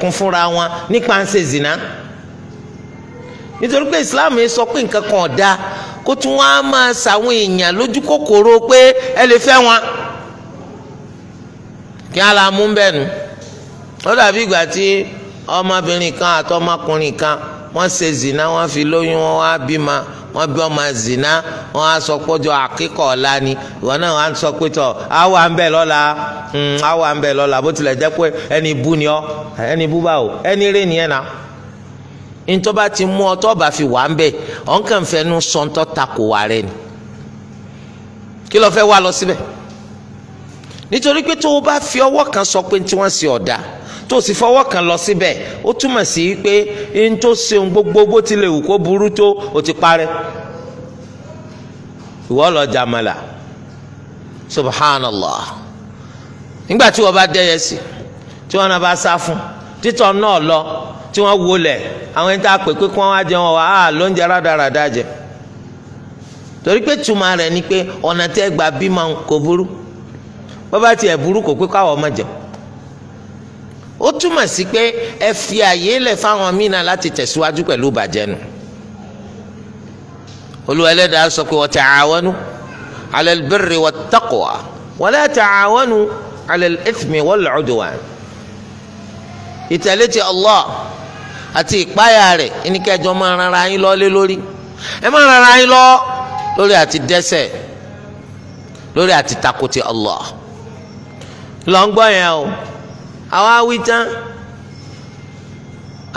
dẹ́kun fúnra wọn nípa ń ṣe zina nítorí pé islam yìí sọ pé nǹkan kan ọ̀dà kó tún wọn á máa ṣàwọn èèyàn lójú kòkòrò pé ẹ lè fẹ́ wọn kí á la mú bẹ́ẹ̀ nu ó dàbí ìgbà tí ọmọbìnrin kan àtọmọkùnrin kan wọ́n ṣe zina wọ́n fi lóyún wọn wá bímọ wọ́n bí ọmọ zina wọ́n á sọ pọ́jọ àkíkọ̀ ọ̀la ni ìwọ náà wọ́n á sọ pé tọ̀ àwa ń bẹ̀ lọ́la àwa hmm, ń bó tilẹ̀ jẹ́ pé ẹni bú ni ọ́ ẹni bú bá o ẹni rè ni ẹ̀ na ntọ́ba ti mú ọ tọ́ba fi wà ń bẹ̀ ọ̀n kàn fẹ́nu sọ̀ntọ́ ta kò wà rẹ̀ ni kí ló fẹ́ wá lọ síbẹ̀ nítorí pé tó o bá fi ọwọ́ kan sọ pé tí wọ́n ṣe ọ̀dà tó sì fọwọ́ kan lọ síbẹ̀ ó túmọ̀ sí pé n tó ṣeun gbogbo bó tilẹ̀ wù kó burú tó o ti parẹ́ ìwọ lọ jàmàlà subhanallah nígbà tí wọ́n bá dẹ́yẹ sí tí wọ́n náà bá sá fún títọ́ náà lọ tí wọ́n wọlé àwọn ẹni tá a pè pé kí wọ́n wá jẹun wá á ah, ló ń jẹ rádaràda jẹ torí pé tuma rẹ̀ ni pé ọ̀nà tẹ́ gbà bímọ kò burú bàbá tiẹ̀ burú kò pé káwọ́ ọmọ jẹun ó túmọ̀ sí pé ẹ fi àyè lẹ̀ fáwọn míì náà láti tẹ̀síwájú pẹ̀lú ìbàjẹ́ nu Olúwa Ẹlẹ́dàá sọ pé wa ta'awanu 'ala al-birri wat-taqwa wa la ta'awanu 'ala al-ithmi wal-'udwan ìtẹ̀lé ti Allah àti ìpáyà rẹ̀ ẹnikẹ́jọ máa ran yín lọ lé lórí ẹ máa ran yín lọ lórí àti dẹ́ṣẹ̀ lórí àti takò ti lọ́ngbọ́n yẹn o. àwa wí tán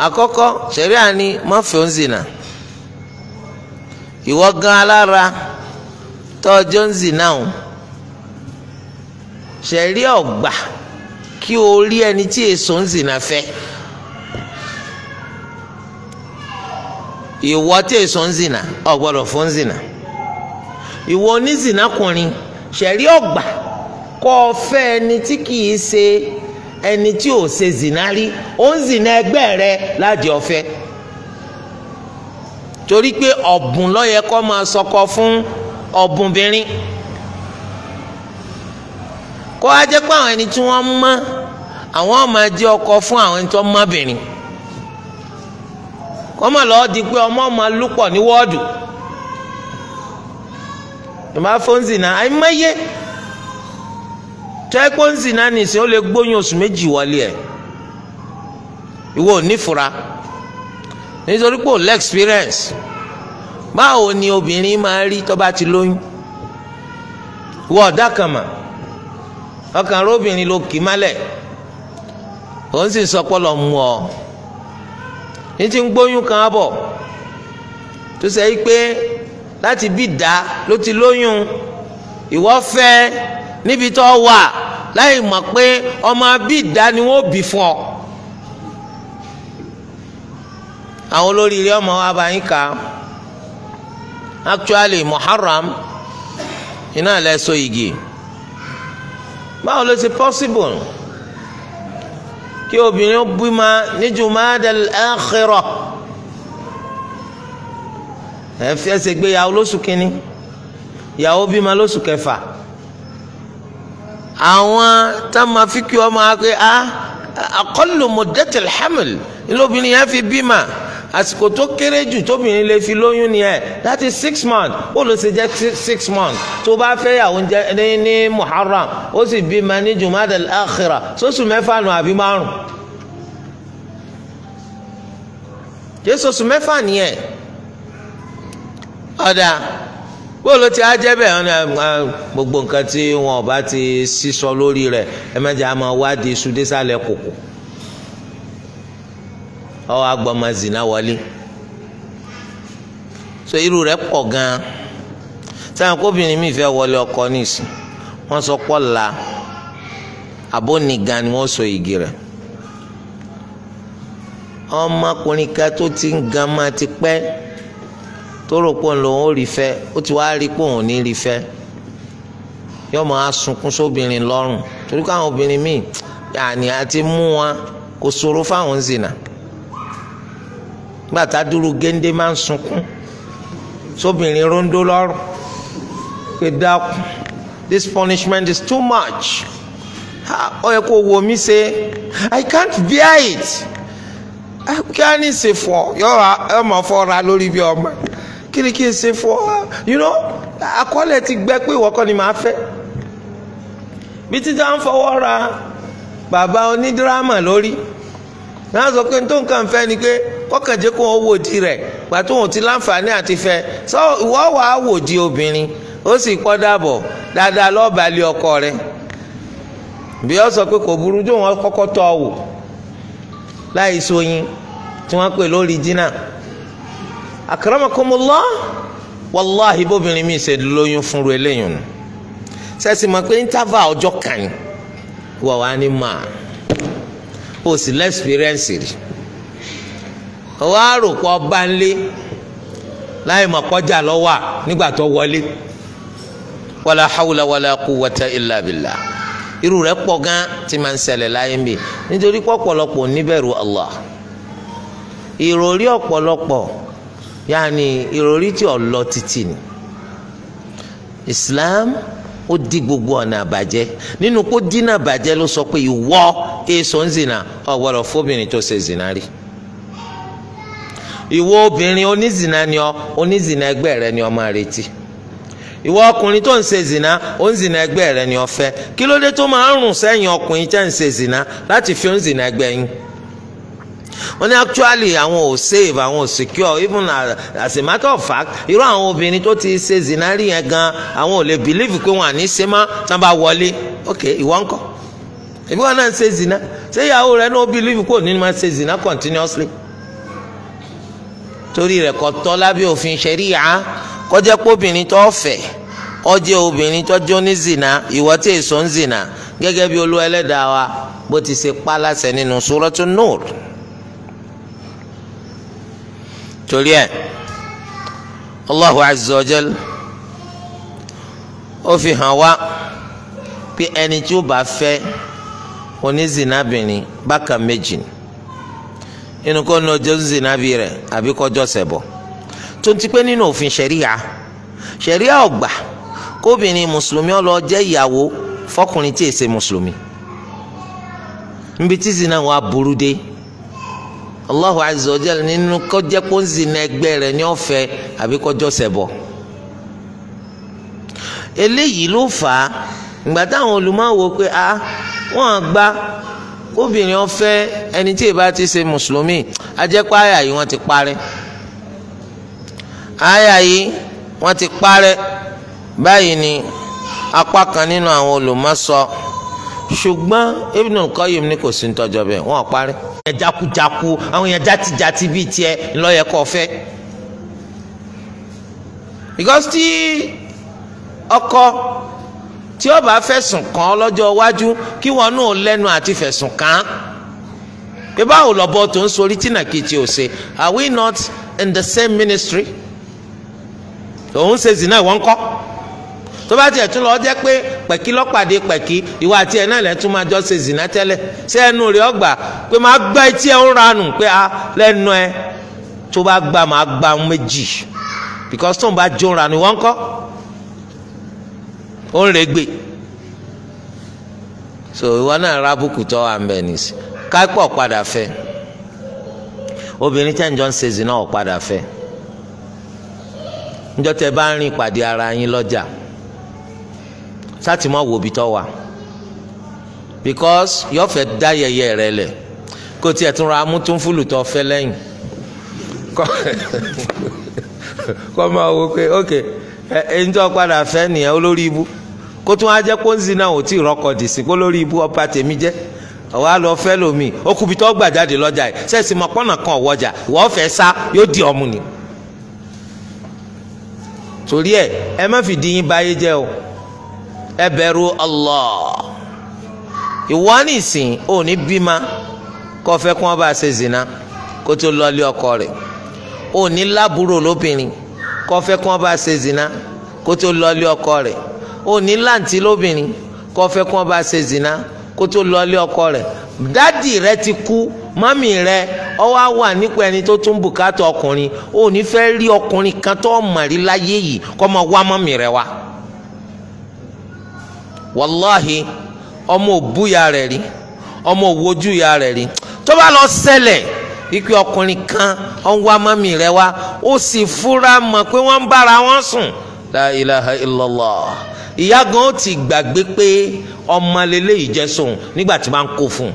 àkọ́kọ́ sẹ̀ríà ni mọ́fìọ́ ń zìnà ìwọ gan alára tọ́jọ́ ń o sẹ̀ríà ọ̀gbà kí o rí ẹni tí èso ń zìnà fẹ́ ìwọ tí èso ń zìnà ò gbọ́dọ̀ fún zìnà ìwọ onízìnàkùnrin sẹ̀ríà ọ̀gbà kọ́ ọ fẹ́ ẹni tí ẹni tí ò ṣe zinari rí ó ń zina ẹgbẹ́ rẹ láti ọ̀fẹ́ torí pé ọ̀bùn ló yẹ máa sọkọ fún ọ̀bùnbìnrin kó wá jẹ́ pé àwọn ẹni tí wọ́n mọ́ àwọn máa jẹ́ ọkọ fún àwọn ẹni tí wọ́n mọ́bìnrin kó má lọ́ọ́ di pé ọmọ máa lúpọ̀ ní wọ́ọ̀dù ìmáfóńsì náà àìmọye. tẹ́gbọ́n ń zina nìsín ó lè gbóyún oṣù méjì wọlé ẹ̀ ìwọ ò ní fura nítorí pé ò lẹ́ experience báwo ni obìnrin máa rí tó bá ti lóyún ìwọ ọ̀dà kan mà ọkàn rẹ obìnrin ló kì í málẹ̀ òun sì sọ pé lọ́ọ́ mú ọ ní ti ń gbóyún kan bọ̀ tó sẹ́ yí pé láti bí dá ló ti lóyún ìwọ fẹ́ níbi tó wà láì mọ̀ pé ọmọ bí ìdá ni wọ́n bí fún ọ. àwọn olórí ilé ọmọ wa bá yín kà actually muharram iná lẹ so igi báwo ló ṣe possible kí obìnrin ó bímọ ní jumada al-akhirah ẹ fi ẹsẹ̀ gbé yàwó lóṣù kínní yàwó bímọ lóṣù kẹfà àwọn tá a máa fi kí ọmọ akpé a ah, aqallu muddatil haml ilóbìnrin yẹn fi bímọ àsìkò tó kéré jù tóbìnrin lè fi lóyún ni ẹ láti six months ó ló ṣe jẹ six months tó bá fẹ́ yàwó jẹ ní ní muharram ó sì bímọ ní jumadal akhira sóṣù mẹ́fà nù àbí márùn jésù oṣù mẹ́fà nìyẹn ọ̀dà bó ló ti á jẹ́ bẹ́ẹ̀ ah, ah, gbogbo nǹkan tí wọn bá ti sísọ lórí rẹ̀ ẹ mẹ́jẹ̀ á máa wádìí iṣu désàlẹ̀ kòkò ọwọ́ agbọ́mọ zina wọlé so irú rẹ̀ pọ̀ gan-an sáyẹn kóbìnrin mi fẹ́ wọlé ọkọ nísìn wọ́n sọ pọ̀ la abónigan ni wọ́n sọ igi rẹ̀ ọmọkùnrin kan tó ti ń gan máa ti pẹ́ tó rò pé òun ò rí fẹ́ ó ti wá rí pé òun ò ní rí fẹ́ yóò máa sunkún sóbìnrin lọ́rùn torí káwọn obìnrin míì àní àti mú wọn kò ṣòro fáwọn zina gbàtà dúró géńdé máa ń sunkún sóbìnrin ròǹdó lọ́rùn pé dákun this punishment is too much ó yẹ kó wo mí ṣe i can't bear it ah, kí á ní ṣe fọ yọ̀ọ́ ọmọ fọ́ra lórí bí ọmọ. kí ni kí n ṣe fún ọ you know akọ́lẹ̀ ti gbẹ pé ìwọ ni màá fẹ́ bí títà fọwọ ra bàbá onídírámà lórí náà sọ pé tó nǹkan fẹ́ ni pé kọ́kànjẹ́ kó o wò di pàtó ti láǹfààní àti fẹ́ sọ ìwọ wà á di obìnrin ó sì dáadáa ọkọ rẹ bí ọ sọ pé kò burú jó ọ wò láì tí pè lórí akramakumullah wàláhì bóbìnrin mi ṣe lóyún fúnru eléyìí nù sẹ́sì mọ̀ pé ntava ọjọ́ kan wà wá ní mà ó sì lẹ́sìpírẹ́ǹsì rí wà á rò pọ̀ bá ń lé láì mọ̀ kọjá lọ́wọ́ nígbà tó wọlé wàlá hawla wàlá quwwata illa billah irú rẹ̀ pọ̀ gan tí máa ń ṣẹlẹ̀ láyé mi nítorí pọ̀pọ̀lọpọ̀ níbẹ̀rù Allah ìròrí ọ̀pọ̀lọpọ̀ yaani ìròrí tí ò lọ ni Islam ó di gbogbo ọ̀nà àbàjẹ́ nínú kó dínà àbàjẹ́ ló sọ pé ìwọ èso ń zìnà ò gbọ́dọ̀ fóbìnrin tó ṣe zìnà rí ìwọ obìnrin onízìnà ni ọ onízìnà ẹgbẹ́ rẹ ni ọ máa retí ìwọ ọkùnrin tó ń ṣe zìnà ó ń zìnà ẹgbẹ́ rẹ ni ọ fẹ́ kí ló dé tó máa ń rùn sẹ́yìn ọkùnrin tẹ́ ń ṣe zìnà láti fi ń zìnà ẹgbẹ́ yín. wọ́n ní actually àwọn ò save àwọn ò secure even as a matter of fact irú àwọn obìnrin tó ti ṣe zinari yẹn gan àwọn ò lè believe pé wọn à ní ṣe mọ́ tán bá wọlé ok ìwọ ń kọ́ ìbí wọn náà ń ṣe zina ṣé ìyàwó rẹ náà believe pé òní máa ṣe zina continuously torí rẹ̀ kò tọ́ lábẹ́ òfin ṣẹ̀ríyà kó jẹ́ pé obìnrin tó fẹ́ ó jẹ́ obìnrin tó jó ní zina ìwọ tí èso ń zina gẹ́gẹ́ bí Olúwa Ẹlẹ́dàá wa bó ti ṣe pa láṣẹ nínú Suratul Nur. torí ẹ̀ Allahu azza wa jal ó fi hàn wá pé ẹni tí ó bá fẹ́ onízinabìnrin bákan méjì nínú kó ní ọjọ́ zinabi rẹ̀ àbí kọjọ́ sẹ̀bọ̀ tó ń ti pé nínú òfin ṣẹ̀ríya ṣẹ̀ríya ọ̀gbà kóbìnrin mùsùlùmí ó jẹ́ ìyàwó Allahu azza wa jalla nínú kọjẹ́ kó ń zina ẹgbẹ́ rẹ̀ ní ọ̀fẹ́ àbí kọjọ́ sẹ̀bọ̀ eléyìí ló fà á ìgbà táwọn olùmọ̀wò pé a ah, wọ́n gba kóbìnrin ọ̀fẹ́ ẹni tí ìbá ti ṣe mùsùlùmí ajẹ́pọ̀ àyà yìí wọ́n ti parẹ́ àyà yìí wọ́n ti parẹ́ báyìí ni apá kan nínú àwọn olùmọ̀ So ṣùgbọ́n Ibn Qayyim ní kò sí ní bẹ́ẹ̀ wọ́n parí. ẹ̀ jákujáku àwọn èèyàn játijàti bíi tiẹ̀ ńlọ́yẹ kọ́ fẹ́. because tí ọkọ tí ó bá fẹ̀sùn kàn án lọ́jọ́ iwájú kí wọn náà lẹ́nu àti fẹ̀sùn kàn án pé báwo lọ́bọ tó ń sorí tí nàkìtì ò ṣe are we not in the same ministry? òun ṣe zina ìwọ́n kọ́ tó bá tiẹ̀ tún lọ jẹ́ pé pẹ̀kí lọ́pàdé pẹ̀kí ìwà tiẹ̀ náà lẹ́tún máa jọ ṣe zìnà tẹ́lẹ̀ ṣé ẹnu rẹ̀ ọgbà pé máa gbá etí ẹ̀ ń ranù pé a ah, lẹ́nu ẹ tó bá gbà máa gbà ń méjì because tóun bá jó ranù wọ́n so ìwọ náà ń nìsí padà fẹ́ obìnrin ń ṣe zìnà ọ̀ padà fẹ́ ara yín lọ́jà. sátì má wò bí wa because yọ fẹ́ dá yẹyẹ rẹ lẹ̀ kó tiẹ̀ tún ra amútúnfúlù tó fẹ́ lẹ́yìn kọ́ máa wo pé ok ẹ ẹ ń tọ́ padà fẹ́ nìyẹn olórí ibú kó tún á jẹ́ pọ́ńsì náà ò tí ì rọ́kọ̀dì sí kó lórí ibú ọba tèmi lomi okùnbi tó gbà jáde lọ́jà yìí sẹ́sì mọ̀ pọ́nà kan ofe sa fẹ́ sá yóò di ọmú ni torí ẹ ẹ má fi di yín báyé o. ẹ bẹ̀rù Allah ìwọ nìsín ò ní bímá kó fẹ́ kó wọn bá ṣe zina kó tó lọ ilé ọkọ rẹ̀ ò ní lábúrò lóbìnrin kó fẹ́ kó wọn bá ṣe zina kó tó lọ ilé ọkọ rẹ̀ ò ní láǹtí lóbìnrin kó fẹ́ kó wọn bá ṣe zina kó tó lọ ilé ọkọ rẹ̀ dádì rẹ̀ ti kú mọ́mì rẹ̀ ọ wá wà nípa ẹni tó tún bùkátà ọkùnrin ò ní fẹ́ rí ọkùnrin kan tó mọ̀ rí láyé yìí kó máa wá mọ́mì rẹ̀ wá wàláhì ọmọ òbúya rẹ̀ rí ọmọ òwojúya rẹ̀ rí tó bá lọ ṣẹlẹ̀ wípé ọkùnrin kan ọ̀n wá mọ́mì rẹ̀ wá ó sì fúra mọ̀ pé wọ́n ń bára wọn sùn la ilaha illallah ìyá gan ó ti gbàgbé pé ọmọ lélẹ́yìí jẹ́ sóun nígbà tí wọ́n kó fún un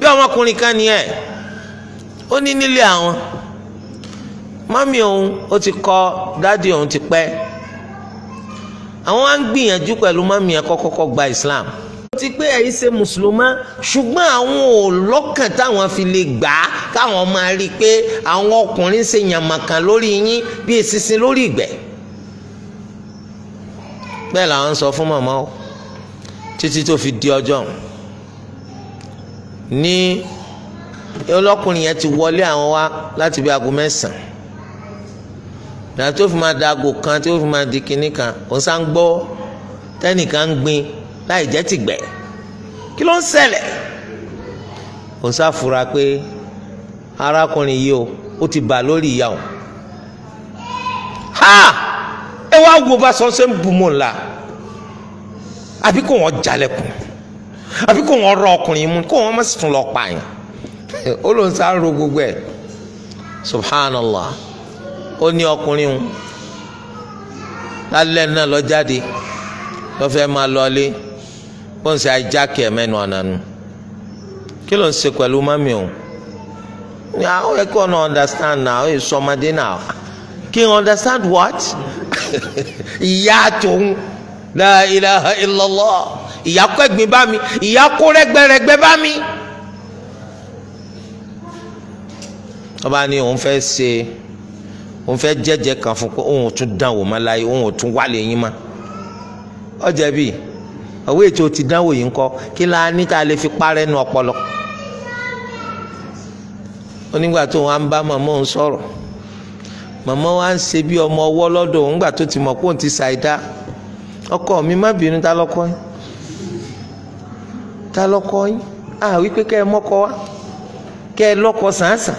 bí ọmọkùnrin kan ni ẹ̀ ó ní nílé àwọn mọ́mì òun ó ti kọ dádì òun ti pẹ́ àwọn wá ń gbìyànjú pẹ̀lú mọ́mí ẹ̀ kọ́kọ́kọ́ gba Islam ó ti pé ẹ̀yin ṣe mùsùlùmá ṣùgbọ́n àwọn ò lọ́kàn táwọn fi lè gbà á káwọn máa rí i pé àwọn ọkùnrin ṣe yàmàkàn lórí yín bíi sísin lórí ìgbẹ́ bẹ́ẹ̀ làwọn ń sọ fún màmá o títí tó fi di ọjọ́ ní ọlọ́kùnrin yẹn ti wọlé àwọn wá láti bí aago mẹ́sàn-án ìgbà tó fi máa da aago kan tó fi máa di kinní kan òun sá ń gbọ́ tẹ́nìkan ń gbin láì jẹ́ tìgbẹ́ kí ló ń ṣẹlẹ̀ òun sá fura pé arákùnrin yìí ó ti bà lórí ìyá o ha ẹ wá wo bá sọ ṣe ń bu mọ́ la àbí kò wọ́n jalẹ̀kùn àbí kò wọ́n rọ ọkùnrin mú kò wọ́n má sì tún pààyàn ó ló ń sá ro gbogbo ẹ̀ subhanallah ó ní ọkùnrin òun lálẹ́ náà lọ jáde lọ́fẹ́ máa lọlé bó ń ṣe ajáke ẹ̀ mẹ́nu ọ̀nà nu kí ló ń ṣe pẹ̀lú mami òun ni àwọn ẹ̀kọ́ náà understand náà ó yẹ sọmadé náà kí n understand what ìyá tòun la ilaha illallah ìyá kó ẹ̀gbin bá mi ìyá kó rẹ́gbẹ́rẹ́gbẹ́ bá mi. ọba ni òun fẹ́ ṣe òun fẹ́ jẹ́jẹ́ kan fún pé òun ò tún dánwò mọ́ láyé òun ò tún wálé yín mọ́ ọjà bíi òwe ètò ti dánwò yìí ń kọ́ kí la ní tá a lè fi parẹ́ nu ọpọlọ onígbà tó wọn bá màmá òun sọ̀rọ̀ màmá wa ń ṣe bí ọmọ ọwọ́ lọ́dọ̀ òun gbà tó ti mọ̀ pé òun ti ṣàìdá ọkọ mi má bínú ta lọ́kọ yín ta lọ́kọ yín à wípé kẹ́ ẹ mọ́kọ wa kẹ́ ẹ lọ́kọ sàǹsàn.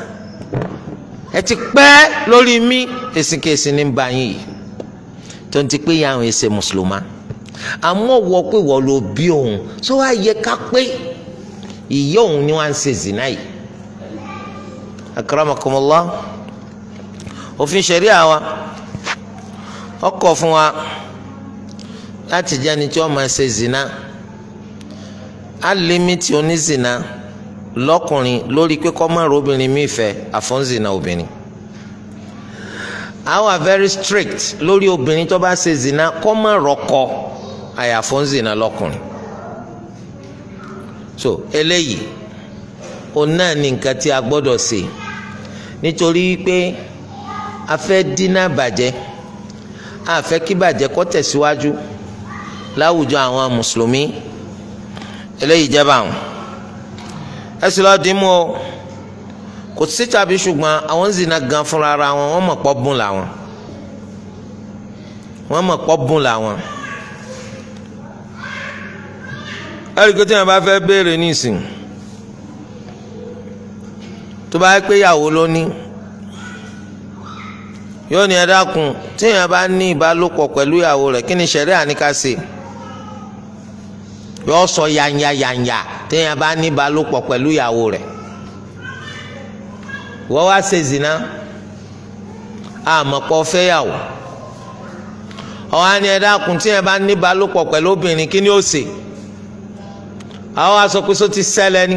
ẹ ti pẹ́ lórí mi èsìkèsì ní báyìí yìí tó ń ti pé ìyá àwọn èsè mùsùlùmá àmọ́ wọ pé wọ́n ló bí òun tó wá yẹ ká pé ìyá òun ni wọ́n á ń ṣe zina yìí. akramakumullah òfin ṣẹ̀ríà wa ó kọ̀ fún wa láti jẹ́ ẹni tí wọ́n máa ṣe zina á límítì lọ́kùnrin lórí pé kọ́ máa robìnrin mi fẹ́ àfọ́nzìnà obìnrin àwọn very strict lórí obìnrin tó bá ṣe zina kọ́ máa rọ́kọ àyàfọ́nzìnà lọ́kùnrin so eléyìí òun náà ni nǹkan tí a gbọ́dọ̀ ṣe nítorí pé a fẹ́ dínà bàjẹ́ a fẹ́ kí bàjẹ́ kó tẹ̀síwájú láwùjọ àwọn mùsùlùmí eléyìí jẹ́ báwọn ẹsì lọ dín mú o kò sí tàbí ṣùgbọ́n àwọn ń zina gan fúnra ara wọn wọ́n mọ̀ pọ́ bùn làwọn wọ́n mọ̀ pọ́ bùn làwọn. ẹ̀ríkò tí wọn bá fẹ́ béèrè nísìn tó bá yẹ pé ìyàwó ló yóò ní ẹ dákun tí wọn bá ní ìbálòpọ̀ pẹ̀lú ìyàwó rẹ̀ kí ni ṣẹ̀ríà ní yọ sọ yanya yanya téèyàn bá ní balùpọ̀ pẹ̀lú ìyàwó rẹ̀ wọ́n wá ṣe zina àmọ̀pọ̀ fẹ́yàwó ọ̀hún ní ẹ dákun tí bá ní balùpọ̀ pẹ̀lú obìnrin kí ni ó ṣe àwọn aṣọ ti sẹlẹ ni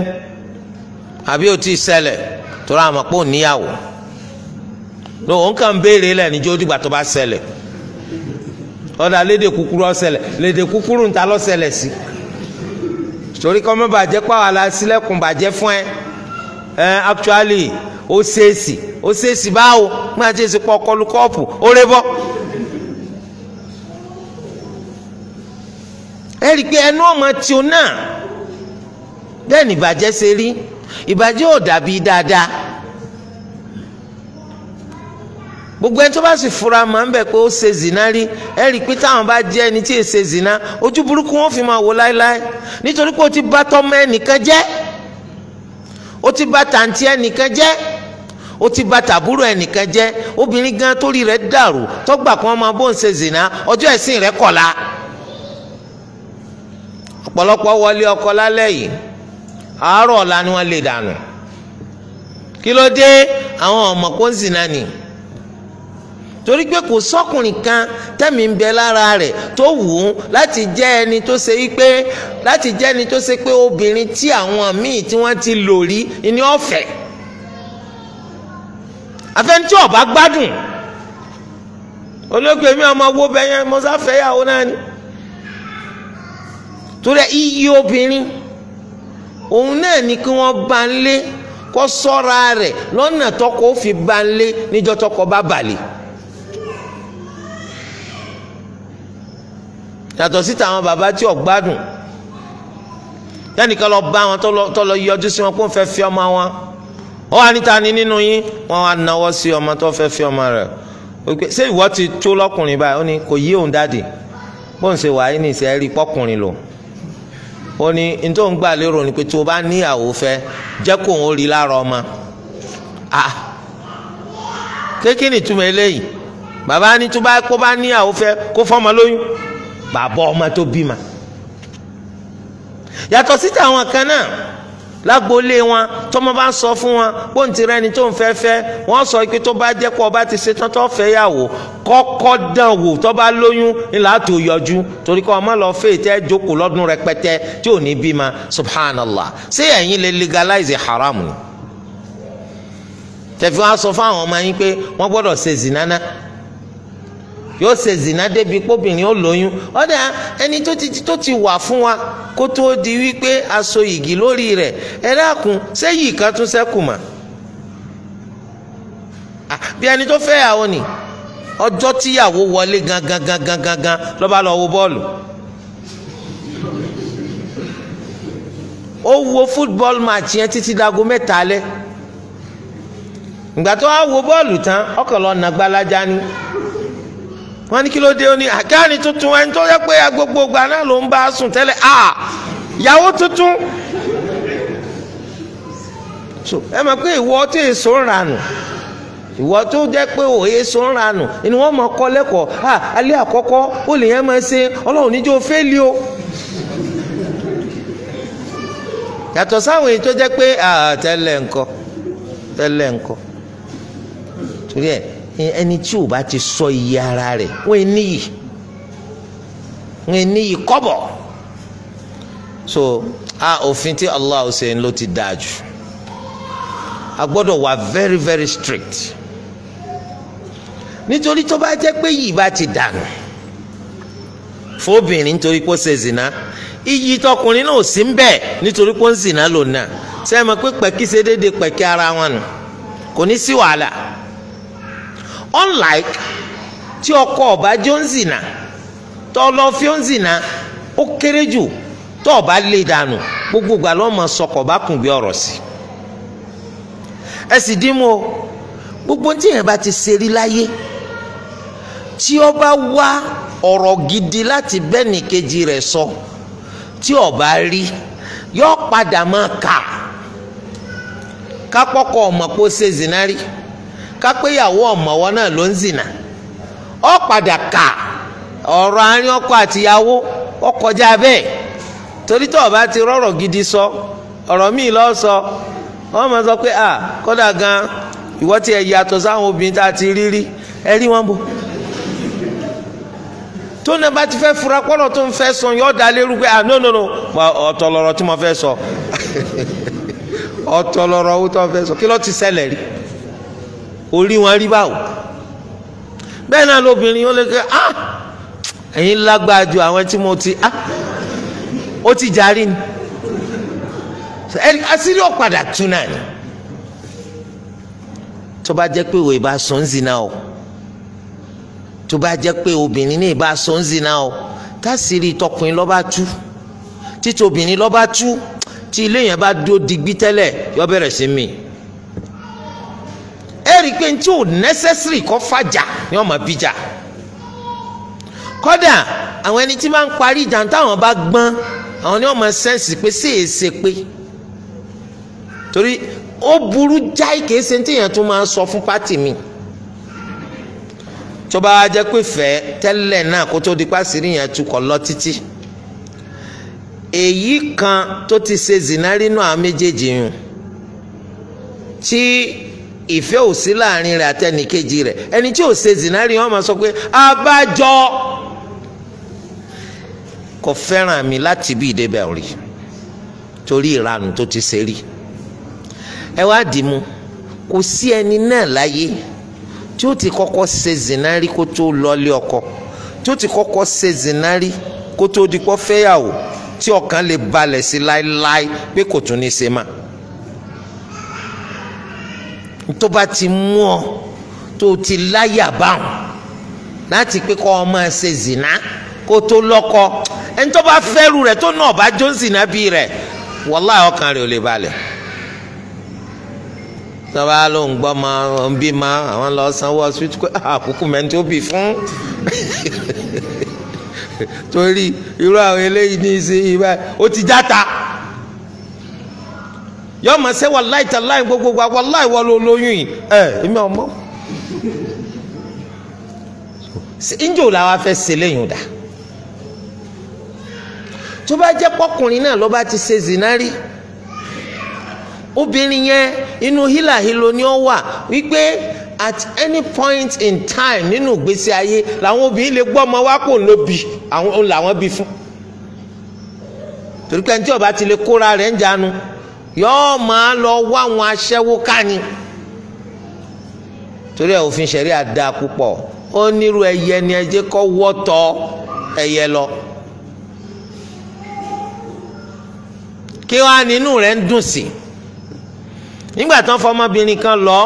àbí ti sẹlẹ no béèrè lẹ́ni jó dìgbà tó bá ọ̀dà lédè kúkúrú lédè kúkúrú Si torí kọ́ mọ́ bàjẹ́ pàwọ́ la sílẹ̀kùn bàjẹ́ fún ẹ ẹ actually ó ṣèèṣì ó ṣèèṣì báwo máa ṣe èsì pọ̀ kọlu kọ́ọ̀pù ó rẹ bọ́. ẹ rí i pé ẹnu ọmọ tí o náà bẹ́ẹ̀ ni ìbàjẹ́ ṣe rí ìbàjẹ́ ò dàbí dáadáa. gbogbo ẹni tó bá sì fura mọ̀ ń bẹ̀ pé ó ṣe zina rí ẹ rí i pé táwọn bá jẹ́ ẹni tí ì ṣe zina ojú burúkú wọn fi máa wò láéláé nítorí pé o ti bá tọ́mọ ẹnìkan jẹ́ o ti bá tàǹtí ẹnìkan jẹ́ o ti bá tàbúrò ẹnìkan jẹ́ obìnrin gan torí rẹ̀ dàrú tọ́gbà kan máa bó ń ṣe zina ọjọ́ ẹ̀sìn rẹ̀ kọ̀la ọ̀pọ̀lọpọ̀ wọlé ọkọ lálẹ́ yìí àárọ̀ ọ̀la ni wọ́n lè dànù kí ló dé àwọn ọmọ kó ń zina nìyí torí pé kò sọ́kùnrin kan tẹ́mi ń bẹ lára rẹ̀ tó wù ú láti jẹ́ ẹni tó ṣe pé láti jẹ́ ẹni tó ṣe pé obìnrin tí àwọn míì tí wọ́n ti lò rí ni ọ̀fẹ́ àfẹnití ọba gbádùn olóògbé mi ọmọ wo bẹyẹn mo sáfẹ́yàwó náà ni torí iye obìnrin òun náà ni kí wọ́n bá ń lé kó sọ́ra rẹ̀ lọ́nà tọkọ ó fi bá ń lé níjọ́ tọkọ bá bàlè. yàtọ̀ síta àwọn bàbá tí ò gbádùn yẹnìkan lọ bá wọn tó lọ yọjú sí wọn kó ń fẹ́ fi ọmọ wọn ó wà níta ni nínú yín wọn wá náwó sí ọmọ tó fẹ́ fi ọmọ rẹ̀ wípé ṣé ìwọ ti tó lọkùnrin báyìí ó ní kò yí òun dáàdì bóun ṣe wà ní ìṣe rí pọkùnrin lò ó ní n tó ń gbà lérò ni pé tó o bá níyàwó fẹ́ jẹ́ kó òun rí lára ọmọ ah kékeré ìtumọ̀ eléyìí bàbá ní tó bá kó bá níyàwó fẹ́ kó fọmọ lóyún bàbá ọmọ tó bímọ yàtọ̀ síta àwọn kan náà lágboolé wọn tọmọ bá ń sọ fún wọn pọ́ǹtì rẹ ni tó ń fẹ́ fẹ́ wọ́n sọ pé tó bá jẹ́ pọ̀ ọba ti ṣe tán tó fẹ́ yàwó kọ́kọ́ dán wò tó bá lóyún ńlá tó yọjú torí kọ́ ọmọ lọ fèè tẹ́ jókòó lọ́dún rẹpẹtẹ tí ò ní bímọ subhanallah ṣé ẹ̀yin lè legalize haram ni tẹ̀fí wọn sọ fún àwọn ọmọ yín pé wọ́n gbọ́dọ̀ ṣe zinana. yóò ṣe zina débi kóbìnrin ó lóyún ọ̀dà ẹni tó ti tó ti wà fún wa kó tó di wípé aṣọ lórí rẹ̀ ẹ dákun ṣé yìí kan tún ṣẹ́kù mà bí ẹni tó fẹ́ yàwó ni ọjọ́ tíyàwó wọlé gangan gangan wọ́n ní kí ló dé ó ní àgáàní tuntun ẹni tó yẹ pé gbogbo ìgbà náà ló ń bá a sùn tẹ́lẹ̀ à ìyàwó tuntun ẹ mọ̀ pé ìwọ tó èso ń ranù ìwọ tó jẹ́ pé òye so ń ranù ni wọ́n mọ̀ kọ́ lẹ́kọ̀ọ́ à alẹ́ àkọ́kọ́ ó lè yẹn máa ṣe ọlọ́run níjó fẹ́lẹ́ o. yàtọ̀ sáwọn èyí tó jẹ́ pé tẹ́lẹ̀ ńkọ́ tẹ́lẹ̀ ńkọ́ torí ẹ̀ ẹni tí ò bá ti sọ iye ara rẹ̀ wọ́n níyì wọ́n níyì kọbọ. so a òfin tí Allah ṣe ń ló ti dáa jù a gbọ́dọ̀ wà very very strict nítorí tó bá jẹ́ pé yìí bá ti dànù fóbìnrin nítorí pé ó ṣe zina iyì tọkùnrin náà ò sí ń bẹ nítorí pé ó ń zina lòun náà sẹ́yìn pé pẹ̀kí ṣe déédéé pẹ̀kí ara wọn nù kò ní sí wàhálà. unlike tí ọkọ ọba jó ń zìnà tọ́ lọ fi ń zìnà ó kéré jù tọ́ ọba lè dànù gbogbo ìgbà ló máa sọkọ̀ bá kùn bí ọ̀rọ̀ sí ẹ sì dín mú o gbogbo tí èèyàn bá ti ṣe láyé tí ó bá wá ọ̀rọ̀ gidi láti bẹ́ẹ̀ni kejì rẹ̀ sọ tí ó rí yóò padà máa kà kápọ́kọ̀ ọmọ pé ṣe zinari. kápẹ́yàwó ọ̀mọ̀wọ́ náà ló ń zìnà ọ padà kà ọ̀rọ̀ àárín ọkọ àtìyàwó ó kọjá bẹ́ẹ̀ torí tó bá ti gidi sọ ọ̀rọ̀ míì lọ́ọ́ sọ wọ́n máa sọ pé ah kódà gan yàtọ̀ sáwọn obìnrin tá a ti rí rí ẹ rí wọn tó náà bá ti fẹ́ fura tó ń fẹ́ sọ yọ ọ́dà lérú pé ah orí wọn rí báwo bẹ́ẹ̀ náà lóbìnrin ó lè kẹ́ ah ẹ̀yin lágbára ju àwọn tí mo ti ah ó ti jarí ni àṣírí ọ̀padà tú náà ni tó bá jẹ́ pé ìwé bá sọ ń zina o tó bá jẹ́ pé obìnrin ní ìbá sọ ń zina o táṣírí tọkùnrin lọ́ba tú títí obìnrin lọ́ba tú tí ilé yẹn bá dúró digbí tẹ́lẹ̀ yọ bẹ̀rẹ̀ sí mi ẹ rí i pé tí ò necessary kọ́ fàjà ni wọ́n máa bíjà kódà àwọn ẹni tí máa ń parí ìjà táwọn bá gbọ́n àwọn ni wọ́n máa sẹ́ǹsì pé ṣèèṣe pé torí ó burú jáì kìí ṣe téèyàn tún máa ń sọ fún pátì mi tó bá jẹ́ pé fẹ́ tẹ́lẹ̀ náà kó tó di pàṣírí yẹn tukọ̀ lọ títí èyí kan tó ti ṣe zinari náà méjèèjì yùn tí ìfẹ́ ò sí láàrin rẹ̀ àtẹnìkejì rẹ̀ ẹni tí ò ṣe zinari wọn máa sọ pé abájọ kò fẹ́ràn mi láti bí ìdébẹ̀ rí torí ìranù tó ti ṣe rí ẹ wá dì mú kò sí ẹni náà láyé tí ó ti kọ́kọ́ ṣe zinari kó tó lọ́lé ọkọ tí ó ti kọ́kọ́ ṣe zinari kó tó dipọ́ fẹ́yàwó tí ọkàn lè balẹ̀ sí láéláé pé kò tún ní í ṣe máa tó bá ti mú ọ tó ti láyà báwọn láti pé kọ́ ọmọ ṣe zìnà kó tó lọ́kọ ẹni tó bá fẹ́rù rẹ̀ tó náà bá jó ń zìnà bí rẹ̀ wàláhì ọkàn rẹ̀ ò lè balẹ̀ tọ́ba ló ń gbọ́ ma ń bí ma àwọn lọ sanwó ọsibítù pé àkókò mẹ́ni tó bì fún torí irú àwọn eléyìí ní í ṣe ibà ó ti já ta yọọ ma ṣe wàláì tàláì gbogbogbò wàláì wọ́n ló lóyún yìí ẹ ẹ̀mí ọmọ ǹjẹ́ ò làwọn afẹ́ ṣe lẹ́yìn ọ̀dà tó bá jẹ́ pọ́kùnrin náà ló bá ti ṣe zinari obìnrin yẹn inú hílàhílo ni ó wà wípé at any point in time nínú ìgbésí ayé làwọn obìnrin lè gbọ́ ọmọ wa kò ń lo bi. àwọn làwọn bi fún torí pé ẹni tí ó bá ti lè kóra rẹ̀ ń jánu yọọ máa lọ wá àwọn aṣẹ́wó ká ni torí ẹ òfin ṣẹ̀rí àdá púpọ̀ ó nírú ẹyẹ ni ẹ jẹ́ kó wọ́tọ̀ ẹyẹ lọ. kí wàá nínú rẹ̀ ń dùn sí nígbà tán fọmọbìnrin kan lọ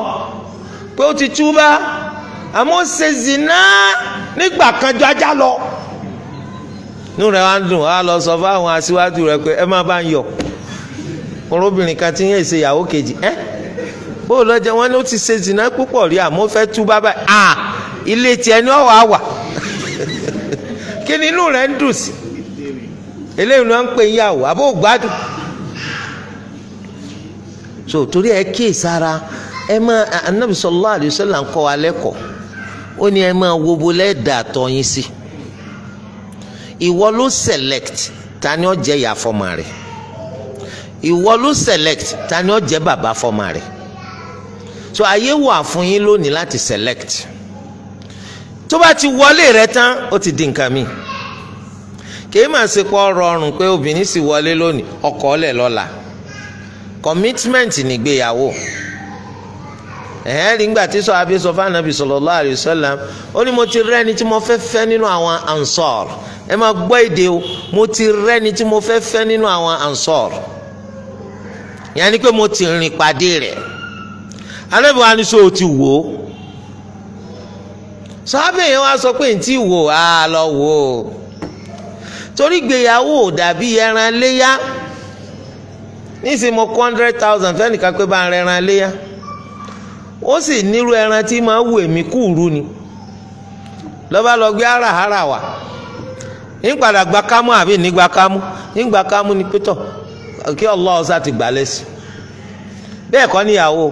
pé ó ti túbá àmọ́ ṣe zìnnà nígbà kan ju ajá lọ. inú rẹ̀ wá ń dùn á lọ sọ fún àwọn aṣíwájú rẹ̀ pé ẹ má bá ń yọ̀. ọlọ́bìnrin kan ti ń yẹ̀ ṣe ìyàwó kejì ẹ bó o lọ́jọ́ wọn ló ti ṣe zina púpọ̀ rí àmọ́ fẹ tú báyìí à ilé tiẹ̀ ni ọ̀wà wà kí ni inú rẹ̀ ń dùn sí eléyìí ni ń pè ń yàwó àbó gbádùn so torí ẹ kíyè sára ẹ má anabi sallallahu alaihi ń kọ́ wa lẹ́kọ̀ọ́ ó ní ẹ sí ìwọ ló select ta ni ó jẹ́ ìyá ìwọ ló select ta ni ó jẹ́ bàbá fọ́mọ rẹ̀ so ayé wà fún yín lónìí láti select tó bá ti wọlé rẹ̀ tán ó ti di nǹkan mi kìí mà ṣe pọ̀ rọrùn pé obìnrin sì wọlé lónìí ọkọ ọlẹ̀ lọ́la commitment nígbéyàwó ẹ̀hẹ́n nígbà tí sọ abẹ́ sọ fánàbì sallallahu alaihi wasallam ó ní mo ti rẹ́ni tí mo fẹ́ fẹ́ nínú àwọn ansọ́ọ̀rù ẹ máa gbọ́ èdè o mo ti rẹ́ni tí mo fẹ́ fẹ́ nínú àwọn ansọ́ọ̀rù. yẹn ni pé mo ti rìn pàdé rẹ̀ Ànábì wa ni ti wò ó sọ́bẹ̀ yẹn wá sọ pé n ti wò á lọ wò ó torí gbéyàwó dàbí ẹran léyà nísìnyí mo kó hundred thousand fẹ́nìkan pé bá ń rẹran léyà ó sì nírú ẹran tí máa wù èmi kúrú ni lọ́ba lọ gbé àràhàrà wá ń padà gba kámú àbí nígbà kámú nígbà kámú ni pétọ̀ kí Allah ọ̀sá ti gbà lẹ́sìn bẹ́ẹ̀ kọ́ níyàwó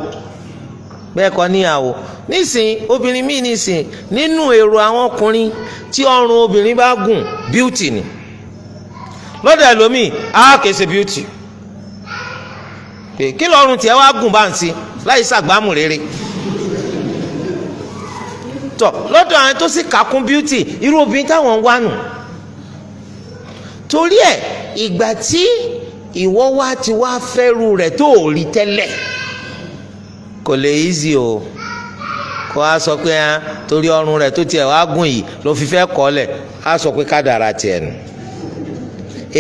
bẹ́ẹ̀ kọ́ níyàwó nísìn obìnrin míì nísìn nínú èrò àwọn ọkùnrin tí ọrùn obìnrin bá gùn bíútì ni lọ́dọ̀ ẹlòmíì á kìí ṣe bíútì kí lọ́rùn tiẹ̀ wá gùn bá ń sí láì ṣàgbámù rere tọ lọ́dọ̀ àwọn tó sì kàkún bíútì irú obìnrin táwọn ń wá torí ẹ̀ ìgbà tí ìwọ wá ti wá fẹ́rù rẹ̀ tó ò rí tẹ́lẹ̀ kò lè easy o kó a sọ pé hàn ah, torí ọrùn rẹ̀ tó tiẹ̀ wá gùn yìí ló fi fẹ́ kọ́ lẹ̀ a sọ pé kádàrà tiẹ̀ nù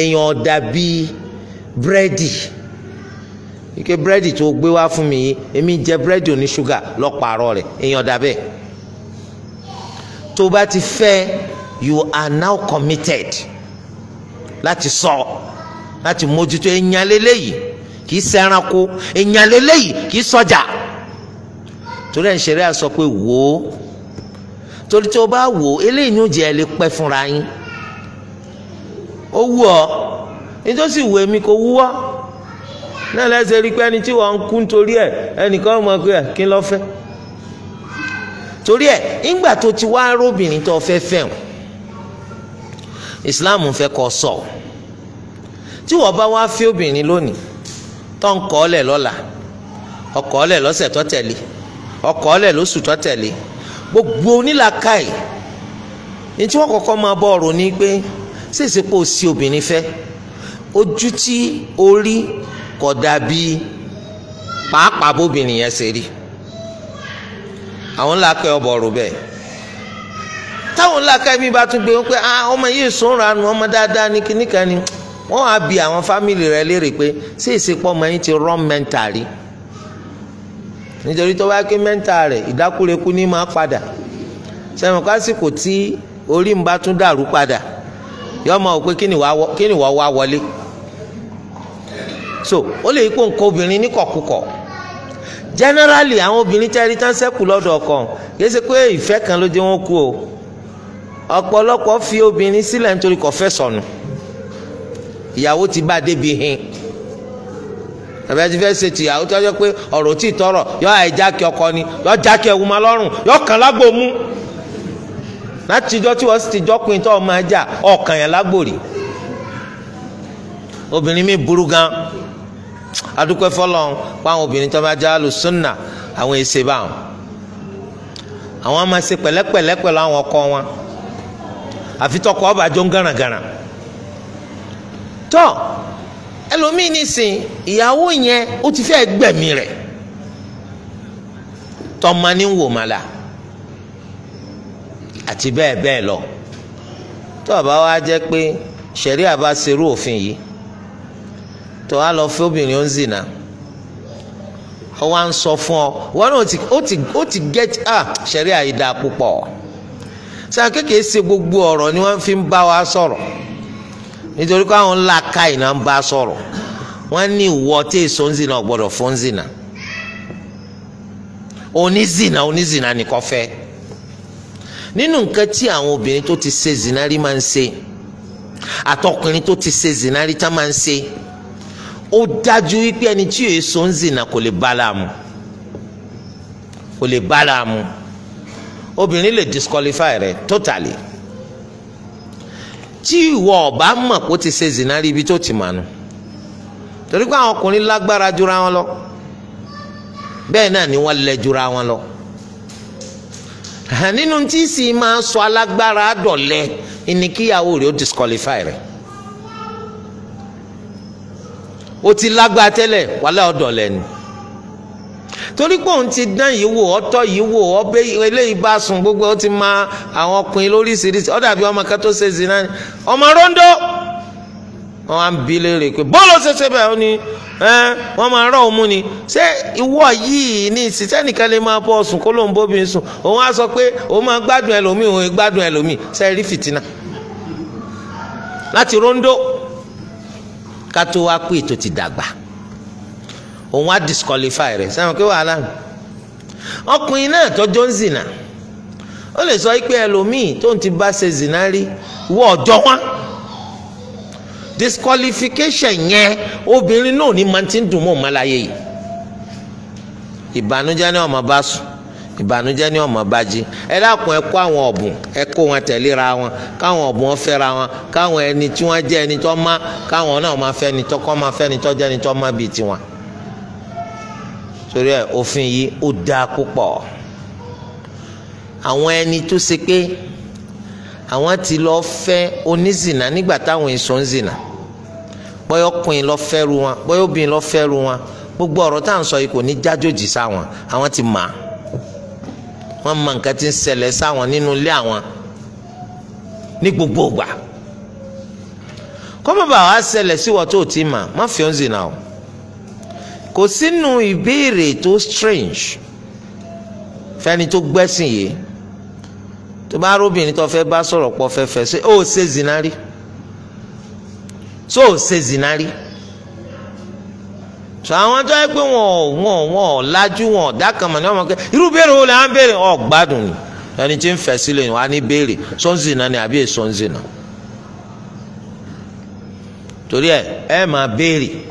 èèyàn dàbí búrẹ́dì ike búrẹ́dì tó gbé wá fún mi yìí èmi jẹ búrẹ́dì oní ṣúgà lọ́pàárọ̀ rẹ̀ èèyàn dàbẹ́ tó bá ti fẹ́ you are now committed láti sọ. So láti mójútó èèyàn lélẹ́yìí kì í ṣẹranko èèyàn lélẹ́yìí kì í ṣọjà torí ẹ̀ ń ṣeré àsọ pé wò ó torí tí o bá wò ó eléyìí ní oúnjẹ ẹ lè pẹ́ fúnra yín ó wù ọ́ nítòsí wù èmi kò wú ọ́ náà lẹ́sẹ̀ rí pé ẹni tí wọ́n ń kú nítorí ẹ̀ ẹnìkan mọ̀ pé ẹ̀ kí lọ fẹ́ torí ẹ̀ ńgbà tó ti wá róbìnrin tó fẹ́ fẹ́ o Islam fẹ́ kọ́ sọ̀ọ́. So. tí wọ́n bá wá fi obìnrin lónìí tó ń kọ́ ọ́lẹ̀ lọ́la ọkọ̀ ọ́lẹ̀ lọ́sẹ̀ tó tẹ̀lé ọkọ̀ ọ́lẹ̀ lóṣù tó tẹ̀lé gbogbo onílàkàì ní tí wọ́n kọ́kọ́ máa bọ̀ ọ̀rọ̀ ni pé ṣèṣe kò sí obìnrin fẹ́ ojú tí orí kò dàbí pàápàá bóbìnrin yẹn ṣe rí àwọn làkẹ́ ọbọ̀ ọ̀rọ̀ bẹ́ẹ̀ táwọn làkẹ́ mi bá tún gbé wọn pé ah, ọmọ yìí sùn ranu ọmọ dáadáa ní kíníkan ni. Kini wọ́n á bi àwọn fámìlì rẹ̀ léèrè pé ṣé ìsìnkú ọmọ yín ti rán mẹ́ńtà rí nítorí tó bá ké mẹ́ńtà rẹ̀ ìdákùrẹ́kù ní máa padà sẹ́wọ̀n kásìkò tí orí ń bá tún dàrú padà yọ ọmọ òpé kí ni wàá wá wọlé so ó lè kó nǹkan obìnrin níkọ̀kúkọ̀ generally àwọn obìnrin tẹ́rí tán sẹ́kù lọ́dọ̀ kan kì ṣe pé ìfẹ́ kan ló dé wọn kú o ọ̀pọ̀lọpọ̀ fi obìnrin sílẹ̀ nítorí kò fẹ́ sọnù. So, ìyàwó ti bá débi hin tàbí ẹtí fẹ́ ṣe tìyàwó tó yẹ pé ọ̀rọ̀ tí tọrọ yọ àìjákẹ́ ọkọ ni yọ jákẹ́ ọmọ lọ́rùn yọ kàn lágbo mú látijọ́ tí sì ti jọ́pin tó ọmọ ajá ọ̀kàn yẹn lágbòrì obìnrin mi burú gan adúpẹ́ fọlọ́n páwọn obìnrin tó bá já lùsùnà àwọn èsè bá wọn àwọn máa ṣe pẹ̀lẹ́pẹ̀lẹ́ àwọn ọkọ wọn àfitọ́kọ ọba jó ń tọ́ ẹlòmíì nìsín ìyàwó yẹn ó ti fẹ́ gbẹ̀mí rẹ̀ tọ́mọ ní wò màlà àti bẹ́ẹ̀ bẹ́ẹ̀ lọ tó bá wá jẹ́ pé ṣẹ̀ríà bá ṣerú òfin yìí tó wá lọ fún obìnrin ó ń zìnà ó wá ń sọ fún ọ wọn náà ó ti get ah ṣẹ̀ríà yìí dáa púpọ̀ sàkékèé ṣe gbogbo ọ̀rọ̀ ni wọ́n fi ń bá wa sọ̀rọ̀ nítorí pé àwọn ńlá ka ìná ń bá sọ̀rọ̀ wọ́n ní ìwọ tí èso ń zina ọ̀gbọ́dọ̀ fún zina onízina onízina nìkan fẹ́ nínú nǹkan tí àwọn obìnrin tó ti ṣe zina rí máa ń ṣe àtọkùnrin tó ti ṣe zina rí tá máa ń ṣe ó dájú wípé ẹni tí èso ń zina kò lè bá láàmú kò lè bá láàmú obìnrin lè disqualify rẹ totally tí ìwọ ọba mọ̀ kó ti ṣe zinari ibi tó ti mànú torí pé àwọn ọkùnrin lágbára jura wọn lọ bẹ́ẹ̀ náà ni wọ́n lẹ jura wọn lọ nínú tí sì máa sọ alágbára dọ̀lẹ ni kíyàwó rẹ̀ ó disqualify rẹ̀ ó ti lágbá tẹ́lẹ̀ wàhálà ọ̀dọ̀lẹ ni torí pé òun ti dán yìí wò ọtọ yìí wò ọbẹ eléyìí bá sùn gbogbo ó ti ma àwọn ọkùnrin lóríṣiríṣi ọdà bí ọmọ kan tó ṣe zina ni ọmọ rondo wọn wá ń bi léèrè pé bọ́ọ̀lù ṣẹṣẹ bẹ́ẹ̀ ó ní wọ́n máa rọ̀ ọ́ mú ni ṣé ìwọ yìí ní ìsìtẹ́ nìkan lè máa bọ́ sùn kó ló bóbi sùn òun á sọ pé òun máa gbádùn ẹlòmíì òun gbádùn ẹlòmíì ṣe rí fìtínà láti rondo ká wá pé ètò ti dàgbà òun á disqualify rẹ̀ sáwọn kí wàhálà ọkùnrin náà tọjọ́ ń zìnà ó lè sọ pé ẹlòmíì tó ń ti bá ṣe zìnà rí wọ ọjọ́ wọn disqualification yẹn obìnrin náà ní máa ti ń dùn mọ́ ọmọláyé yìí ìbànújẹ́ ni ọmọ bá sùn ìbànújẹ́ ni ọmọ bá jí ẹ dákun ẹ kó àwọn ọ̀bùn ẹ kó wọn tẹ̀léra wọn káwọn ọ̀bùn wọn fẹ́ra wọn káwọn ẹni tí wọ́n jẹ́ ẹni tó má káwọn náà máa fẹ́ ẹni tó kọ́ máa fẹ́ ẹni tó jẹ́ ẹni tó má bíi tiwọn torí ẹ òfin yìí ó dáa púpọ̀ àwọn ẹni tó ṣe pé àwọn ti lọ fẹ́ onízìnà nígbà táwọn èso ń zìnà bóyá ọkùnrin lọ fẹ́ru wọn bóyá obìnrin lọ fẹ́ru wọn gbogbo ọ̀rọ̀ tá à ń sọ yìí kò ní jájòjì sáwọn àwọn ti mà wọ́n mọ nǹkan tí ń ṣẹlẹ̀ sáwọn nínú ilé àwọn ní gbogbo ìgbà kọ́mọ́bà wa ṣẹlẹ̀ síwọ́ tó ti mà má fi ń zìnà o kò sínú ìbéèrè tó strange fẹ́ni tó gbẹ́sìn yìí tó bá róbìnrin tó fẹ́ bá sọ̀rọ̀ pọ̀ fẹ́fẹ́ ṣe ó ṣe zina rí so ó ṣe zina rí so àwọn tó yẹ pé wọn ò wọn ò wọn ò lajú wọn ò dákàmọ́ ní ọmọ kẹ irú béèrè wo là ń béèrè ọ gbádùn ni ẹni tí ń fẹ́ sílẹ̀ wà ní béèrè sọ́nzìnà ni àbí èso ń zìnà torí ẹ ẹ máa béèrè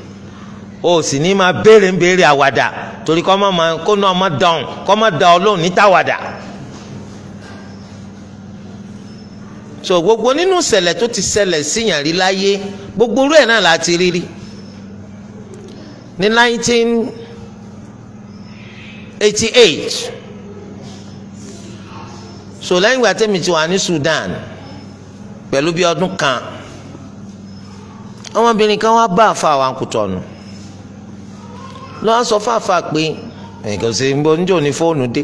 o sì ní máa béèrè ń béèrè àwàdà torí kọ́ máa máa kó náà máa dàn kọ́ máa dàn ọlọ́run níta àwàdà. so gbogbo nínú ṣẹlẹ̀ tó ti ṣẹlẹ̀ síyàn rí láyé gbogbo orú ẹ̀ náà la ti rí ní nineteen eighty eight so lẹ́yìn ìgbà tẹ́mi ti wà ní Sudan pẹ̀lú bí ọdún kan ọmọbìnrin kan wá bá àfa àwọn akutọ̀nù. No lọ́wọ́ sọ fáfá pé nǹkan ṣe ń bọ níjò ní fóònù dé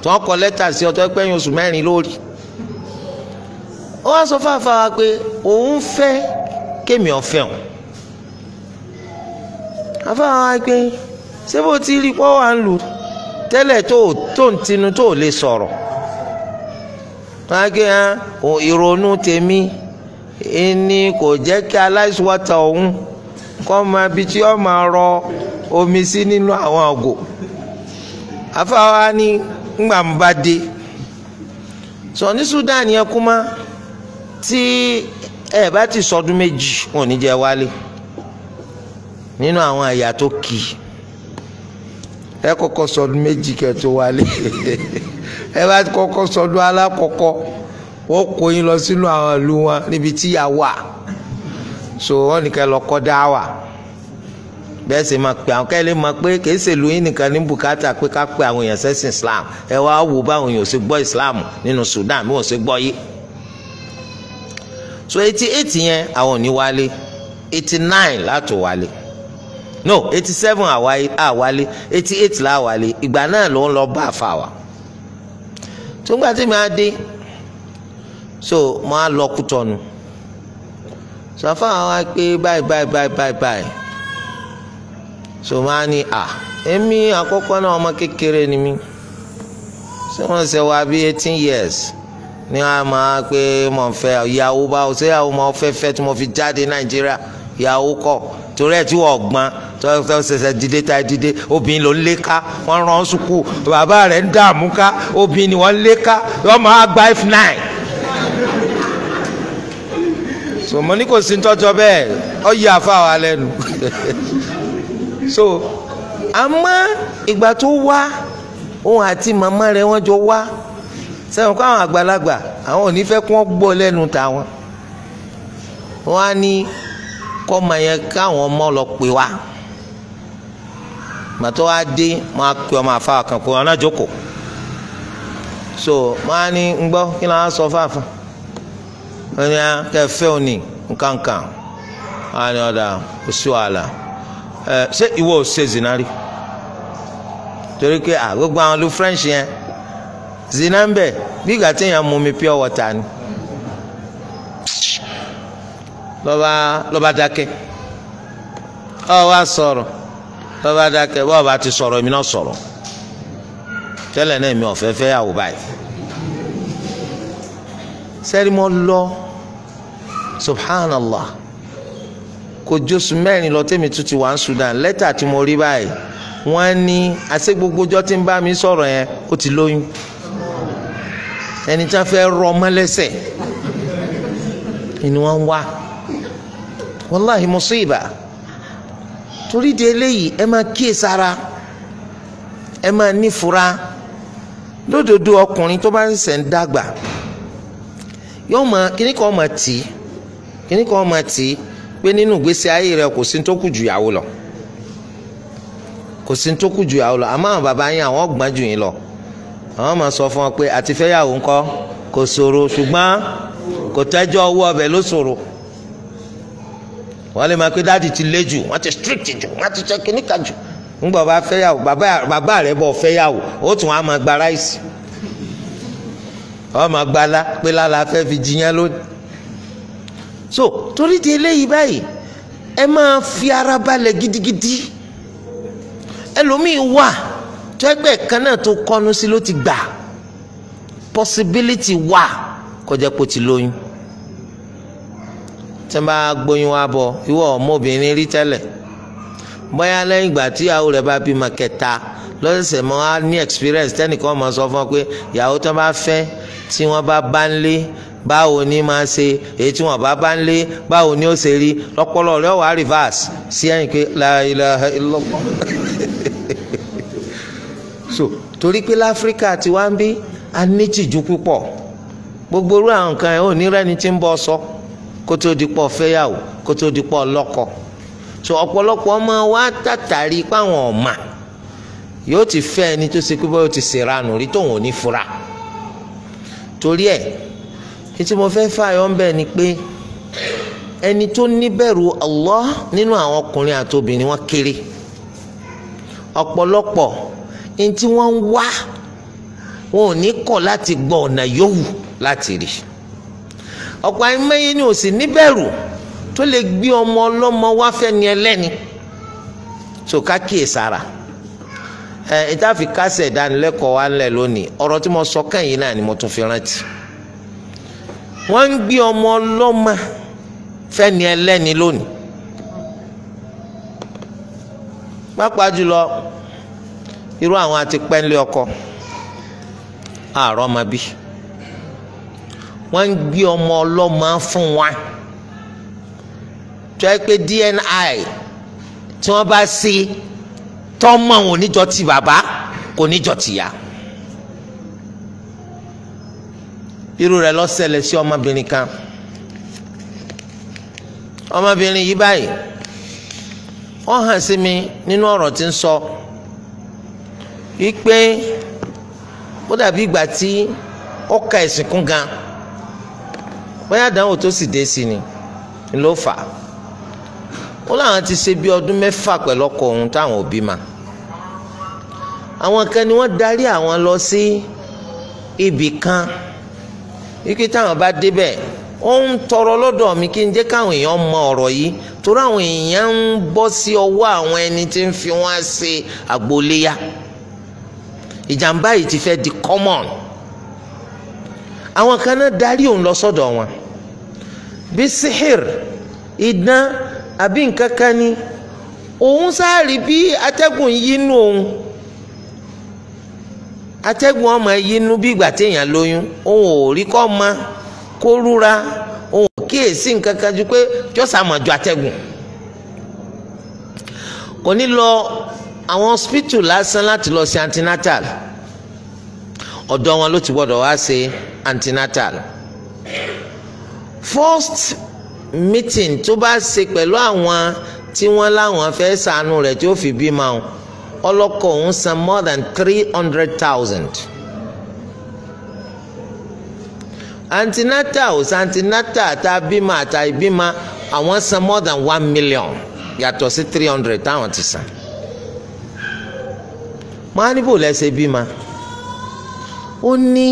tí wọ́n kọ lẹ́tà sí ọtọ́ pẹ́yìn oṣù mẹ́rin lórí ó wá sọ fáfá wa pé òun fẹ́ kémi ọ̀fẹ́ o àfáà wa pé ṣé bó ti rí pọ́ wà ń lù tẹ́lẹ̀ tó tó ń tinú tó lè sọ̀rọ̀ wọ́n á gé hàn ìrònú tèmi ẹni kò jẹ́ kí aláìsí òun kọ́ máa bi tí ó máa rọ omi sí nínú àwọn ọgò afáwa ni ngbà ń bá dé sọ ní Sudan yẹn kú mọ́ tí ẹ bá ti sọdún méjì wọn ò ní jẹ wálé nínú àwọn àyà tó kì í ẹ kọ́kọ́ sọdún méjì kẹ́ tó wálé ẹ bá kọ́kọ́ sọdún alákọ̀ọ́kọ́ wọ́n kó yín lọ sínú àwọn ìlú wọn níbi tí yà wà so wọ́n nìkan lọ kọ́ dá wà bẹ́ẹ̀ sì máa pè àwọn kẹ́lẹ́ máa pé kìí ṣèlú yín nìkan ní bùkátà pé ká pe àwọn èèyàn sẹ́sìn Islam ẹ wá wò báwọn èèyàn ò ṣe gbọ́ Islam nínú Sudan bí wọ́n ṣe gbọ́ yìí. so eighty eight yẹn àwọn ò ní wálé eighty nine látò wálé no eighty seven àwálé eighty eight láwálé ìgbà náà ló ń lọ bá a fà wá. tó ń gbà tí mi á dé so mo á lọ Kútọ́nù sọ fún àwọn wa pé báyìí báyìí báyìí báyìí báyìí sòmánì à ah, èmi akọkọ náà ọmọ kékeré ni mí ṣé wọ́n ṣe wá bí eighteen years ni a máa pé mo yahoo ìyàwó báwo ṣé yahoo mo fẹ́ fẹ́ tí mo fi jáde nàìjíríà yahoo kọ torí ẹ̀ tí wọ́n gbọ́n tọ́ ṣẹ̀ṣẹ̀ dìde ta dìde obìnrin ló ń lé ká wọ́n rán sùkú bàbá rẹ̀ ń dààmú ká obìnrin ni wọ́n lé ká wọ́n máa gba f nine. sọmọ ní kò sí tọ́jọ́ bẹ́ẹ̀ ọ yí àfa wa lẹ́nu. so àmọ́ ìgbà tó wá òun àti màmá rẹ̀ wọ́n jọ wá sẹ́wọ̀n kó àwọn àgbàlagbà àwọn ò ní fẹ́ kó wọ́n gbọ́ lẹ́nu tàwọn wọ́n á ní kọ́ ọmọ yẹn káwọn ọmọ lọ pè wá màtọ́ wá dé wọ́n pè ọmọ àfa kan pé wọ́n á so wọ́n á ní ń gbọ́ kí ló ń sọ fáfá wọ́n ní ah, kẹ́ òní nǹkan wọ́n á ní ọ̀dà kò sí ṣé ìwọ ò ṣe zina rí torí pé àgbégbá àwọn lu french yẹn zina ń bẹ bí ìgbà téèyàn mú mi pure water ni lọ́ba lọ́ba dákẹ́ ọ wá sọ̀rọ̀ lọ́ba dákẹ́ bọ́ọ̀ bá ti sọ̀rọ̀ èmi náà sọ̀rọ̀ tẹ́lẹ̀ náà èmi ọ̀fẹ́ fẹ́ yàwó báyìí sẹ́rí lọ subhanallah kò jóṣù mẹ́rin lọ tẹ́mi tún ti wà ń Sudan lẹ́tà tí mo rí báyìí wọ́n ní àṣẹ gbogbo ọjọ́ tí ń bá mi sọ̀rọ̀ yẹn ó ti lóyún ẹni tí wọ́n fẹ́ rọ ọmọ lẹ́sẹ̀ ni wọ́n ń wá wàláhì mùsíbà torí de eléyìí ẹ máa kíyè sára ẹ máa nífura lódodo ọkùnrin tó bá ń ṣẹ̀ ń dàgbà yóò máa kíníkà ọmọ tì kíníkà ọmọ tì pé nínú ìgbésí ayé rẹ kò sí tó kù ju ìyàwó lọ kò sí tó kù ju ìyàwó lọ àmọ́ àwọn bàbá yín àwọn gbọ́n jù yín lọ àwọn máa sọ fún ọ pé àti fẹ́yàwó ńkọ́ kò ṣòro ṣùgbọ́n kò tẹ́jọ́ owó ọbẹ̀ ló ṣòro wọ́n lè máa pé dáàdì ti lé jù wọ́n ti strict jù wọ́n ti ṣe kíníkà jù ńgbọ̀ bá fẹ́yàwó bàbá rẹ̀ bọ̀ fẹ́yàwó ó tún á máa gba ráìsì ọ máa gbalá pé lálá fẹ́ fi jiyàn lónìí so torí di eléyìí báyìí ẹ máa fi ara balẹ̀ gidigidi ẹlòmíì wà tó ẹgbẹ́ kan náà tó kọnu sí ló ti gbà possibility wà kọjá pé ó ti lóyún tí wọ́n bá gbóyún wá bọ̀ ìwọ ọmọbìnrin rí tẹ́lẹ̀ bóyá lẹ́yìn ìgbà tíyàwó rẹ̀ bá bímọ kẹta lọ́sẹ̀sẹ̀ mọ́ á ní experience tẹ́nìkan mọ̀ sọ fún ọ pé ìyàwó tó bá fẹ́ tí wọ́n bá bá ń lé báwo ni máa ṣe èyí tí wọ́n bá bá ń lé báwo ni ó ṣe rí lọ́pọlọ rẹ̀ wà reverse sí ẹ̀yìn pé la ilaha illallah so torí pé láfíríkà tí wá ń bí a ní tìjú púpọ̀ gbogbo irú àwọn nǹkan ẹ̀ ò ní rẹ́ni tí ń bọ́ sọ kó tó di pọ̀ fẹ́yàwó kó tó di pọ̀ lọ́kọ so ọ̀pọ̀lọpọ̀ ọmọ wa tàtàrí páwọn ọ̀ma yóò ti fẹ́ ẹni tó ṣe pé báyìí ó ti ṣèrànù rí tóun ò ní fura torí ẹ̀ etí mo fẹ́ fààyàn ń bẹ̀ ni pé ẹni tó níbẹ̀rù Allah nínú àwọn ọkùnrin àti obìnrin wọn kéré ọ̀pọ̀lọpọ̀ ẹni tí wọ́n ń wá wọn ò ní kọ̀ láti gbọ́ ọ̀nà yòówù láti rí ọ̀pọ̀ àìmọye ni ò sì níbẹ̀rù tó lè gbé ọmọ ọlọ́mọ wá fẹ́ni ẹlẹ́ni tó ká kíyèsára. So, ẹ ìtàfi kásẹ̀ ìdánilẹ́kọ̀ọ́ wa ńlẹ̀ lónìí ọ̀rọ̀ tí mo sọ kẹ́yìn náà ni mo tún fi rántí wọ́n ń gbé ọmọ ọlọ́mọ fẹ́ni ẹlẹ́ni lónìí pápá jùlọ irú àwọn àti pẹ́ńlé ọkọ àárọ̀ ọmọ bí wọ́n ń gbé ọmọ ọlọ́mọ fún wa tó yẹ pé DNI tí wọ́n bá sí. Si, tọ́mọ wọn ò ní jọ ti bàbá kò ní jọ tìyá irú rẹ̀ ló ṣẹlẹ̀ sí ọmọbìnrin kan ọmọbìnrin yìí báyìí ó hàn sí mi nínú ọ̀rọ̀ tí ń sọ wípé ó dàbí ìgbà tí ó ka ẹ̀sìn kún gan bóyá àdánwò tó sì dé sí ni ló fà á ó láwọn ti ṣe bí ọdún mẹ́fà pẹ̀lú ọkọ òun táwọn òbí máa àwọn kan ni wọ́n darí àwọn lọ sí ibì kan ike táwọn bá débẹ̀ ó ń tọrọ lọ́dọ̀ mi kí n jẹ́ káwọn èèyàn mọ ọ̀rọ̀ yìí torí àwọn èèyàn ń bọ́ sí ọwọ́ àwọn ẹni tí ń fi wọ́n ṣe àgbóléyà ìjàmbá yìí ti fẹ́ di common àwọn kan náà darí òun lọ sọ́dọ̀ wọn bí sihir idán àbí nǹkan ni òun sáà rí bí atẹ́gùn yínú òun atẹ́gùn ọmọ yínú bí ìgbà téèyàn lóyún òun ò rí kọ́ ma kó rúra òun ò kíyèsí nǹkan kan ju pé jọ́sà mọ̀ ju atẹ́gùn kò ní lọ àwọn hospital lásán láti lọ sí antenatal ọ̀dọ̀ wọn ló ti gbọ́dọ̀ wá ṣe antenatal first meeting tó bá ṣe pẹ̀lú àwọn tí wọ́n láwọn fẹ́ ṣàánú rẹ̀ tí ó fi bí ma ọlọ́kọ òun san more than three hundred thousand antinata ò san antinata àta bímọ àta ìbímọ àwọn san more than one million yàtọ̀ sí three hundred táwọn ti san mọ́ánìbò lẹ́sẹ̀ bímọ ó ní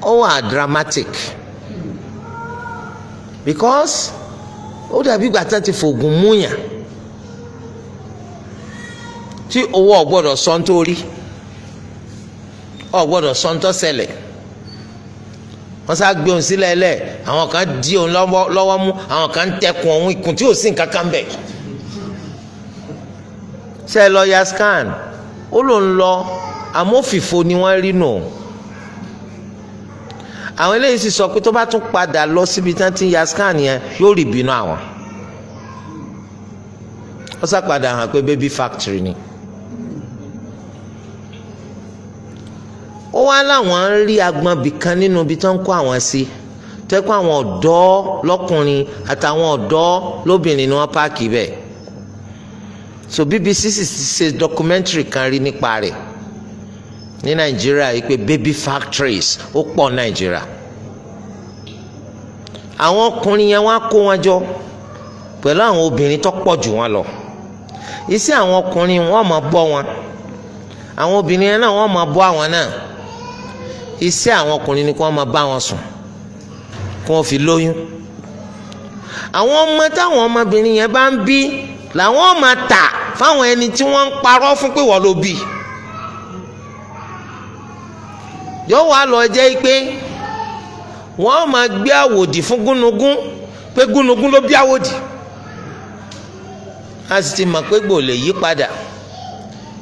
ó wà dramatic because ó dàbí gbàtà ti fògùn múyàn tí owó ọ̀gbọ́dọ̀ sọ ń tó rí ọ̀gbọ́dọ̀ sọ ń tó ṣẹlẹ̀ wọ́n sá gbé òun sílẹ̀ lẹ̀ àwọn kan di òun lọ́wọ́ mú àwọn kan tẹkùn òun ikùn tí ò sí nǹkan kan bẹ̀. ṣe lọ ya scan ó lòun lọ amófìfo ni wọ́n rí nù. àwọn eléyìí sì sọ pé tó bá tún padà lọ síbi tí wọ́n ti ya scan yẹn yóò rí ìbínú àwọn. wọ́n sá padà hàn pé baby factory ni. ó wá láwọn ń rí agbọ̀nbì kan nínú ibi tó ń kó àwọn sí tẹ́kọ̀ àwọn ọ̀dọ́ lọ́kùnrin àtàwọn ọ̀dọ́ lóbìnrin ni wọ́n páàkì bẹ́ẹ̀ so BBC sì ṣe documentary kan rí nípa rẹ̀ ní nàìjíríà yìí pé baby factories ó pọ̀ nàìjíríà àwọn ọkùnrin yẹn wọ́n á kó wọn jọ pẹ̀lú àwọn obìnrin tó pọ̀ jù wọn lọ iṣẹ́ àwọn ọkùnrin wọ́n máa bọ́ wọn àwọn obìnrin yẹn náà wọ́n máa bọ́ àwọn náà iṣẹ́ àwọn ọkùnrin ni kí wọ́n máa bá wọn sùn kí wọ́n fi lóyún àwọn ọmọ táwọn ọmọbìnrin yẹn bá ń bí làwọn máa tà fáwọn ẹni tí wọ́n ń parọ́ fún pé wọ́n ló bí yóò wá lọ jẹ́ pé wọ́n máa gbé àwòdì fún gúnugún pé gúnugún ló bí àwòdì a sì ti mọ̀ pé gbò yí padà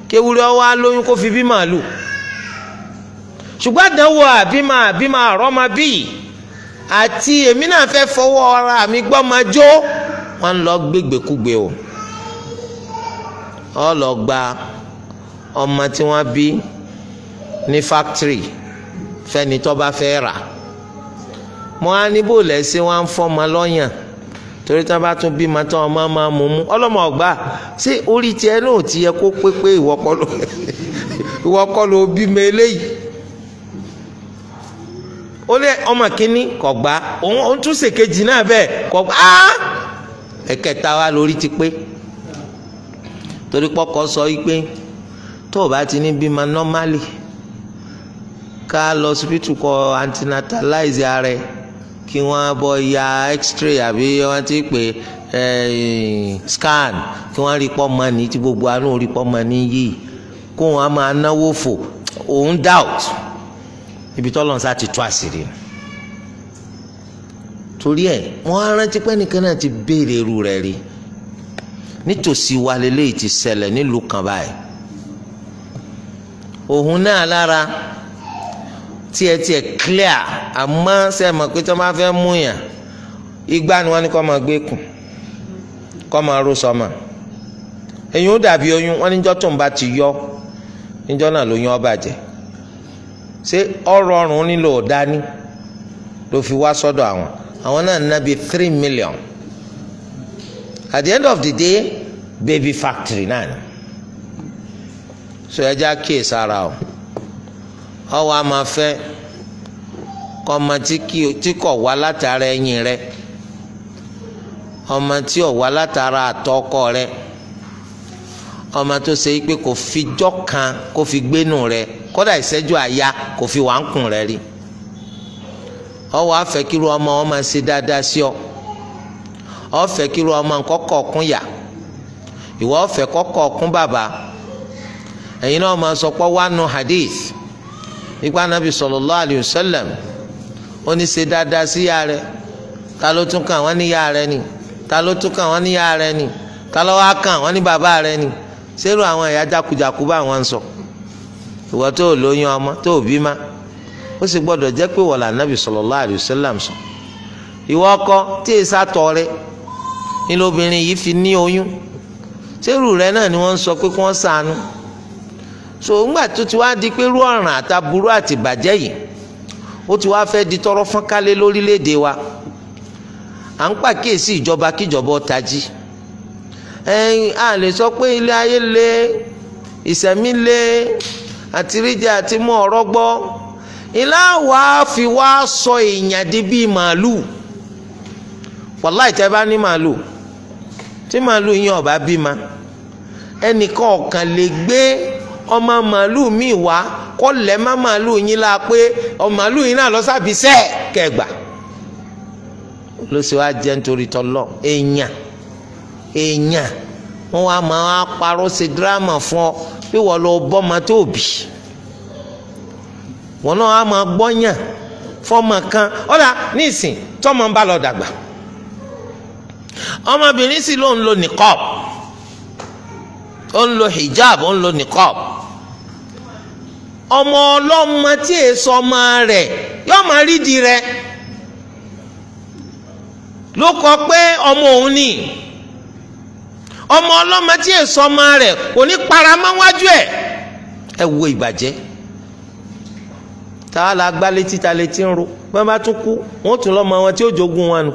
kéwúrẹ́ wá lóyún kó fi bí màálù ṣùgbọ́n àdánwò àbímọ àbímọ àrọ́mọ bíi àti èmi náà fẹ́ fọwọ́ ara mi gbọ́mọjó wọ́n lọ gbégbèkúgbè o ọ lọ gba ọmọ tí wọ́n bí ní fákítírì fẹ́ni tó bá fẹ́ rà mo á níbò lẹ́sìn wọn fọmọ lọ́yàn torí tí wọn bá tún bímọ tí wọn máa máa mú mú ọlọmọ ọgbà ṣé orí tiẹ̀ náà ti yẹ kó pépé ìwọ ló bí eléyìí ó lé ọmọ kínní kò gbà òun tún ṣèkejì náà bẹ́ẹ̀ kò gbà á ẹ̀kẹta wa lórí ti pé torí pọkọ sọ wípé tó o bá ti ní bímọ normally ká lọ síbítù kọ antinatalize ara kí wọ́n bọ ya x-ray àbí wọ́n ti pè é scan kí wọ́n rí pọ mọ ní tí gbogbo àánú rí pọ mọ ní yìí kó wọ́n máa náwó fò òun doubt ibi tọ́lọ̀ ń sá ti tú àṣírí ni torí ẹ wọn arántí pé nìkan náà ti béèrè irú rẹ̀ rí nítòsí wa lélẹ́yìí ti ṣẹlẹ̀ nílùú kan báyìí òun náà lára tiẹ̀ tiẹ̀ clear àmọ́ ṣe mọ̀ pé tí wọ́n bá fẹ́ mú yàn igbá ni wọ́n ní kó máa gbé kùn kó máa ró sọmọ èyí ó dàbí oyún wọ́n níjọ́ tó ń bá ti yọ níjọ́ náà lóyún ó bàjẹ́ ṣé ọrọ̀ ọrùn nílò dání ló fi wá sọdọ àwọn àwọn náà ná bíi three million at the end of the day baby factory náà ni so ẹ já kíyè ara o ọwọ́ a máa fẹ́ ọmọ tí kò wá látara ẹyin rẹ ọmọ tí ò wá látara àtọkọ rẹ ọmọ tó ṣe pé kò fijọ́ kan kó fi gbénu rẹ kódà ìṣẹ́jú àyà. kò fi wà ń kùn rẹ rí ọwọ́ afẹ́ ọmọ ọmọ ṣe dáadáa sí ọ ọfẹ́ ọmọ kọ́kọ́ yà ìwọ ọfẹ kọ́kọ́ ọkún bàbá ẹ̀yin náà máa sọ pé hadith nípa anabi sallallahu alayhi ó ní ṣe dáadáa sí ya rẹ ta ló tún kàn ní ya rẹ ni ta ló tún kàn wọ́n ní ya rẹ ni ta wá kàn ní bàbá rẹ ni àwọn ẹ̀yà jákujàku bá wọn sọ. So. ìwọ tó o lóyún ọmọ tó o bí ma ó sì gbọ́dọ̀ jẹ́ pé wọ́n là nàbì sallallahu alaihi sọ ìwọ ọkọ tí èsì àtọ̀ rẹ ni lóbìnrin yìí fi ní oyún sẹ́rù rẹ náà ni wọ́n sọ pé kí wọ́n sànú so ńgbà tó ti wá di pé rú ọ̀ràn àtàbúrú àti ìbàjẹ́ yìí ó ti wá fẹ́ di tọrọ fọ́nkálé lórílẹ̀‐èdè wa à ń pàkíyèsí ìjọba kíjọba ọ̀tají ẹ̀yìn a lè sọ pé ilé ayé le ìsẹ̀mí le àti ríjẹ àti mú ọ̀rọ̀ gbọ́ ilá wa fi wá sọ èèyàn di bíi màálù wàláì tẹ́ bá ní màálù tí màálù yín ọba bímọ ẹnìkan ọ̀kan lè gbé ọmọ màálù míì wá kọ́ lẹ́ má màálù yín la pé ọmọ màálù yín náà lọ sábì sẹ́ kẹgbà lóṣù wa jẹ́ nítorí tọ́lọ́ èèyàn èèyàn wọ́n wá máa parọ́ ṣe dírámà fún ọ pé wọ́n lọ bọ́mọ tó bì wọ́n náà á máa gbọ́yàn fọ́mọ kan ọ̀dà nísìn tọ́mọ ń bá lọ dàgbà ọmọbìnrin sì ló ń lo nìkọ́b ó ń lo hijab ó ń lo nìkọ́b ọmọ ọlọ́mọ tí èso ọmọ rẹ̀ yóò máa rídìí rẹ̀ ló kọ pé ọmọ òun nìyí ọmọ ọlọ́mọ tí èso ọmọ rẹ̀ kò ní paramọ́ wájú ẹ̀ ẹ wo ìbàjẹ́ tá a la gbá létí ta létí ń ro bá bá tún kú wọn tún lọ́mọ wọn tí ó jogún wọn nù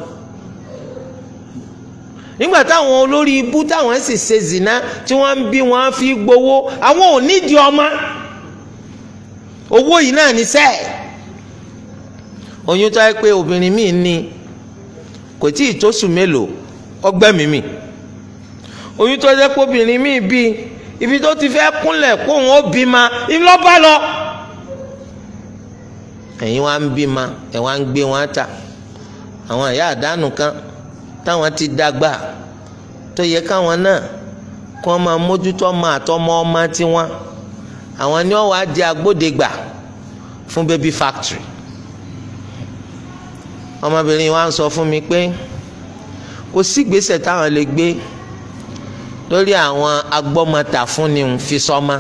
nígbà táwọn olórí ibú táwọn sì ṣe zìnà tí wọ́n bí wọ́n fi gbowó àwọn ò nídìí ọmọ owó yìí náà ní sẹ́ẹ̀ oyún tó pé obìnrin míì ní kò tí ì tóṣù mélòó ọgbẹ́ mímì. oyún tó jẹ́ kóbìnrin míì bí ibi tó ti fẹ́ kúnlẹ̀ kóun ó bímọ ńlọ́bà lọ. ẹ̀yin wá ń bímọ ẹ̀ wá ń gbé wọn ta àwọn ìyá àdánù kan táwọn ti dàgbà tó yẹ káwọn náà kí wọ́n máa mójútó ọmọ àtọmọ ọmọ tiwọn àwọn ni wọ́n wá di agbódegbà fún baby factory ọmọbìnrin wa ń sọ fún mi pé kò sígbésẹ̀ táwọn lè gbé. lórí àwọn agbọ́mọta fúnni fi sọ́mọ́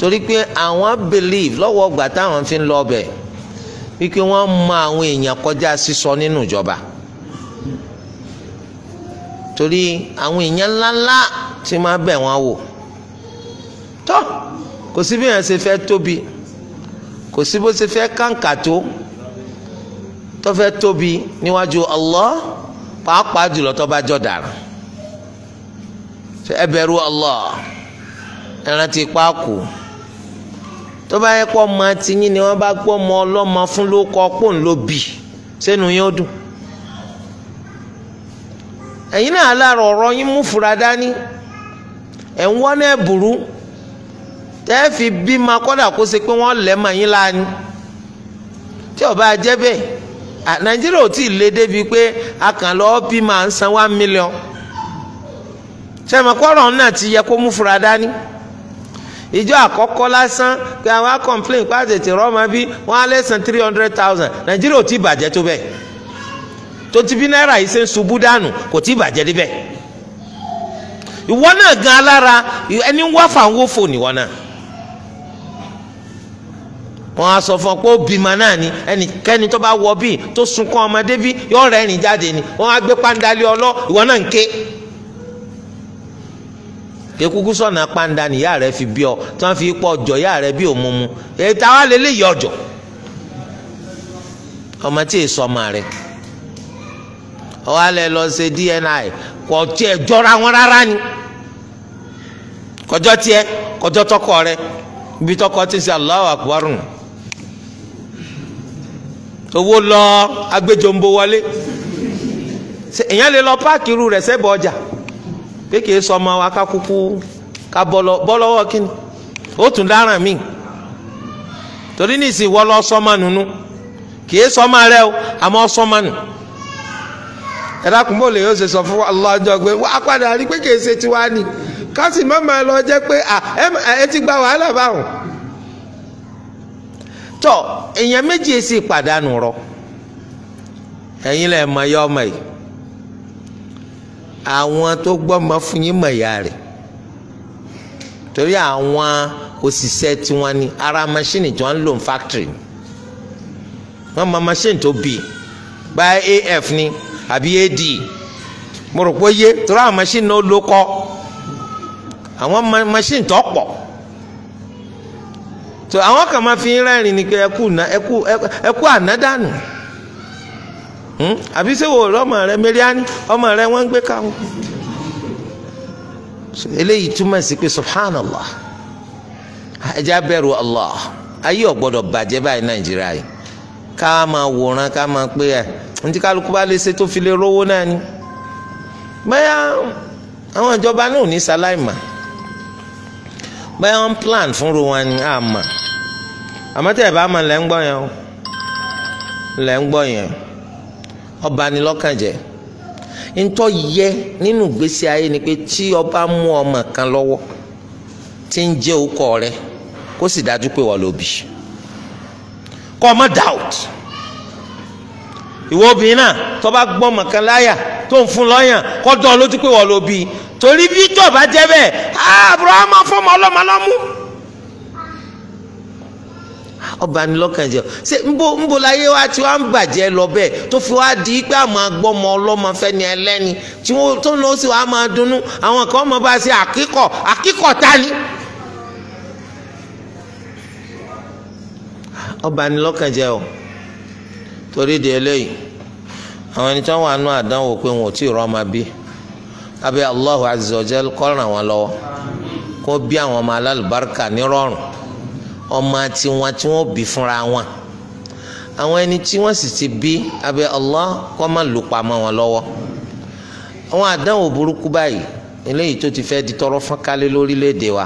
torí pé àwọn believe lọ́wọ́ ọgbà táwọn fi ń lọ ọbẹ̀ wípé wọ́n mọ àwọn èèyàn kọjá sísọ nínú ìjọba torí àwọn èèyàn ńláńlá ti máa bẹ̀ wọ́n wò tọ́ kò sí bí èèyàn ṣe fẹ́ tóbi kò sí bó ṣe fẹ́ kàǹkà tó tó fẹ́ tóbi níwájú Allah pàápàá jùlọ tó bá jọ dàrán. ẹ bẹ̀rù Allah ẹ rántí pákó tó bá yẹ kó ọmọ tiyín ni wọn bá gbọ ọmọ ọlọmọ fún ló kọ pọ́n ló bì sẹ́nu yín ó dùn ẹ̀yin náà lára ọ̀rọ̀ yín mú fura dání ẹ̀ ń wọ́n náà burú tẹ́ ẹ fi bímọ kọ́dà kó ṣe pé wọ́n lẹ́ mọ̀ yín láàánú tí ó bá jẹ́ bẹ́ẹ̀ Nàìjíríà ò tí ì lé débi pé a kàn lọ́ọ́ bímọ à ń san one million sẹ́mọ̀kọ́rọ̀ náà ti yẹ kó mú fura dání ìjọ àkọ́kọ́ lásán pé àwọn complain pa tètè rọ́ọ̀mà bí wọ́n á lẹ́sàn three hundred thousand nàìjíríà ò tí ì bàjẹ́ tó bẹ́ẹ̀ tó ti bí náírà yìí ṣe ń ṣubú dànù kò tí ì bàjẹ́ ìwọ náà gan alára ẹni wá fàwọn fò níwọ náà wọn á sọ fún ọ pé ó bímọ náà ni ẹnikẹ́ni tó bá wọ bíi tó sunkún ọmọdé bíi ẹ̀rìn jáde ni wọn á gbé pàǹdálí ọlọ́ ìwọ náà ń ké. kekuku sọ̀nà ni ya rẹ̀ fi bi ọ tí wọ́n fi pọ̀ ọjọ́ ya rẹ̀ bi òmumu ètò àwa lè lè ọjọ? ọmọ tí èso ọmọ rẹ̀ ọwọ́ lọ ṣe DNI dna tiẹ̀ wọn rárá ni kọjọ́ tiẹ̀ tọkọ ibi tọkọ ti ṣe Allahu owó lọ agbẹjọ ń wọlé lè lọ páàkì irú rẹ̀ sẹ́bọ̀ ọjà. kéèké sọ ọmọ wa ká kúkú ká bọ́ lọ́wọ́ kí ni ó tún dáràn mí torí ní ìsìn wọ́ lọ sọ́mọ nùnú kìí sọ́mọ rẹ o àmọ́ sọ́mọ nù ẹ dákun bó lè yóò ṣe sọ fún ọlọ́jọ́ pé padà rí pé kìí ṣe tiwa ni ká sì má máa lọ jẹ́ pé ẹ ti gba wàhálà báwọn tọ èèyàn méjì rọ àwọn tó gbọ́ ọmọ fún yín mọ̀ ìyá rẹ̀ torí àwọn òṣìṣẹ́ tiwọn ni ara machine tí wọ́n ń lò ní factory wọ́n mọ machine tó bì báyà AF ni àbí AD mo rò pé yé torí àwọn machine náà ló kọ́ àwọn machine tó pọ̀ àwọn kan máa fi rẹ́rìn ni pé ẹ kú ànádànù. So, Hmm? àbí ṣé wo ọmọ rẹ mẹríání ọmọ rẹ wọ́n ń gbé káwọn. eléyìí túmọ̀ sí pé subhanallah ẹja bẹ̀rù allah ayé ọ̀gbọ́dọ̀ bàjẹ́ báyìí nàìjíríà yìí ká máa wòran ká máa pé ẹ̀ ntí kálukú bá lè ṣe tó fi lè rówó náà ni bẹ́ẹ̀ àwọn ìjọba náà ò ní sáláìmà bẹ́ẹ̀ wọ́n plan fún ro ni àmà àmọ́ tẹ̀ bá máa lẹ́ ń gbọ́ yẹn o lẹ́ ń gbọ́ yẹn ọba ni lọ́kàn jẹ́ ntọ́ yẹ nínú ìgbésí ayé ni pé tí ọba mú ọmọ kan lọ́wọ́ tí ń jẹ́ ọkọ rẹ kó sì dájú pé wọ́n ló bí kọ́ ọmọ doubt ìwọ obìnrin náà tó bá gbọ́ ọmọ kan láyà tó ń fún lọ́yàn kọ́ dán lójú pé torí bí tó bá ah, ọba ni lọ́kàn jẹ́ ṣé nbo nbo láyé wa tí wọ́n á ń bàjẹ́ lọ bẹ́ẹ̀ tó fi wá di pé àmọ́ agbọ́mọ ọlọ́mọ fẹ́ni ẹlẹ́ni tí wọ́n tó lọ sí wàá máa dunnú àwọn kan mọ̀ bá ṣe àkíkọ̀ àkíkọ̀ ta ni. ọba ni lọ́kàn jẹ́ o torí di eléyìí àwọn ẹni tí wọ́n wà nù àdánwò pé wọn ò tí ì rọ́ ọmọ bí abẹ́ Allahu azza wa jal kó ràn wọ́n lọ́wọ́ kó bí àwọn ọmọ alálùbáríkà nírọ̀rùn ọmọ tiwọn tí wọ́n bí fúnra wọn àwọn ẹni tí wọ́n sì ti bí abẹ́ Allah kó má lù pamọ́ wọn lọ́wọ́ àwọn àdánwò burúkú báyìí eléyìí tó ti fẹ́ di tọrọ fún kálé lórílẹ̀‐èdè wa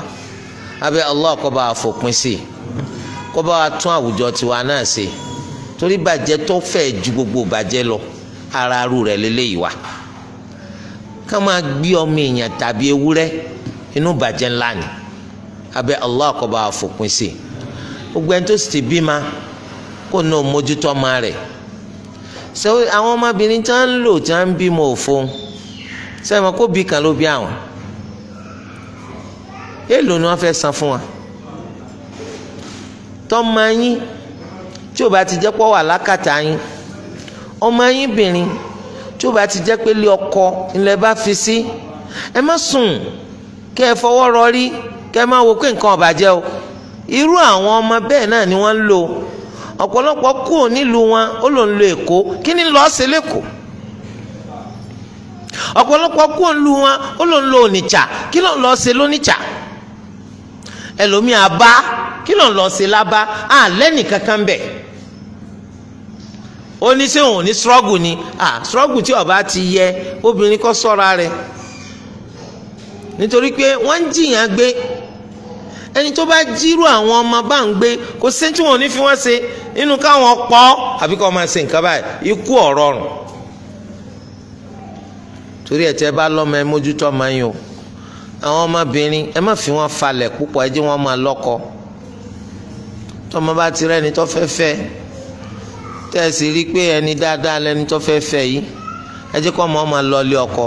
abẹ́ Allah kó bá wa fòpin sí i kó bá wa tún àwùjọ tiwa náà ṣe torí bàjẹ́ tó fẹ́ ju gbogbo bàjẹ́ lọ ara arú rẹ̀ lélẹ́yìí wa ká máa gbé ọmọ èèyàn tàbí ewúrẹ́ inú bàjẹ́ ńlá ni abẹ́ Allah kó bá wa fòpin sí i gbogbo ẹni tó sì ti bímọ kó náà mójútó ọmọ rẹ̀ ṣé àwọn ọmọbìnrin tí wọ́n ń lò tí wọ́n ń bímọ òfo ṣé kó bí kan ló bí àwọn èèlò ni wọ́n fẹ́ san fún wa tọ́mọ yín tí ò bá ti jẹ́ pọ́ wà lákàtà yín ọmọ yín bìnrin tí ó bá ti jẹ́ pé lé ọkọ ńlẹ̀ bá fi sí ẹ má sùn kẹ́ ẹ fọwọ́ rọrí kẹ́ ẹ má wo pé nǹkan ò o. irú àwọn ọmọ bẹ́ẹ̀ náà ni wọ́n ń ọ̀pọ̀lọpọ̀ kú nílùú wọn ó lo èkó kí ni lọ́ọ́ ṣe lẹ́kọ̀ọ́ ọ̀pọ̀lọpọ̀ kú nílùú wọn ó lo onìjà kí ló lọ́ọ́ ṣe lónìjà ẹlòmíà bá kí ló lọ́ọ́ ṣe lábá à lẹ́nì kankan bẹ̀ ó ní ni à struggle tí ọba ti yẹ obìnrin kọ́ sọ́ra rẹ̀ nítorí pé wọ́n ń ẹni tó bá jírú àwọn ọmọ bá ń gbé kò sí tí wọn ò ní fi wọn ṣe nínú káwọn pọ̀ àbí kọ́ máa ṣe nǹkan báyìí ikú ọ̀rọ̀ rùn torí ẹ tẹ bá lọ́mọ ẹ mójútó ọmọ yín o àwọn ọmọbìnrin ẹ má fi wọn falẹ̀ púpọ̀ ẹ jẹ́ wọn máa lọ́kọ tọmọ bá ti rẹ́ni tó fẹ́ fẹ́ tẹ́ ẹ sì rí i pé ẹni dáadáa lẹ́ni tó fẹ́ fẹ́ yìí ẹ jẹ́ kọ́ ọmọ ọmọ lọ́ọ́lé ọkọ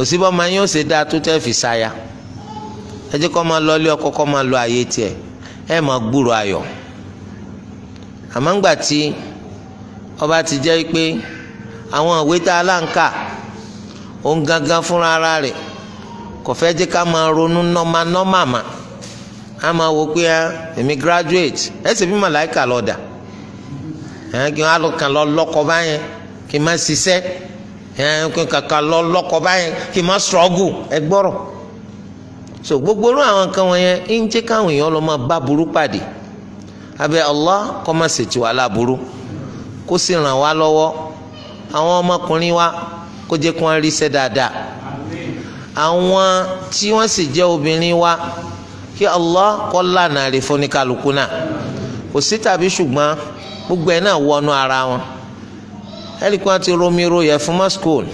òsínbọ́n máa yín ó ṣe dáa tó tẹ́ fi ṣaya ẹ jẹ́ kó máa lọ ilé ọkọ kó máa lọ ààyè tiẹ̀ ẹ máa gbúrò ayọ̀ àmọ́ ńgbà tí ọba ti jẹ́ pé àwọn ìwé tá a láǹkà òun gangan fúnra ara rẹ̀ kò fẹ́ jẹ́ ká máa ronú nọ́mà nọ́mà mà á máa wo pé ah, èmi graduate ẹ sì màláìkà lọ dà kí lọ kàn báyẹn kí n má ṣiṣẹ́ kí n kàn lọ lọ́kọ̀ báyẹn kí n má struggle ẹ gbọ́rọ̀ so gbogbo orú àwọn nǹkan wọn yẹn ń jẹ́ káwọn èèyàn lọ máa bá burú pàdé abẹ́ Allah kó má ṣe tiwa láburú kó sì ràn wá lọ́wọ́ àwọn ọmọkùnrin wa kó jẹ́ kí wọ́n rí iṣẹ́ dáadáa àwọn tí wọ́n sì jẹ́ obìnrin wa kí Allah kó lànà rè fún ní kálukú náà kò sí tàbí ṣùgbọ́n gbogbo ẹ̀ náà wọnú ara wọn ẹnìkan ti romi ro fún mọ́ school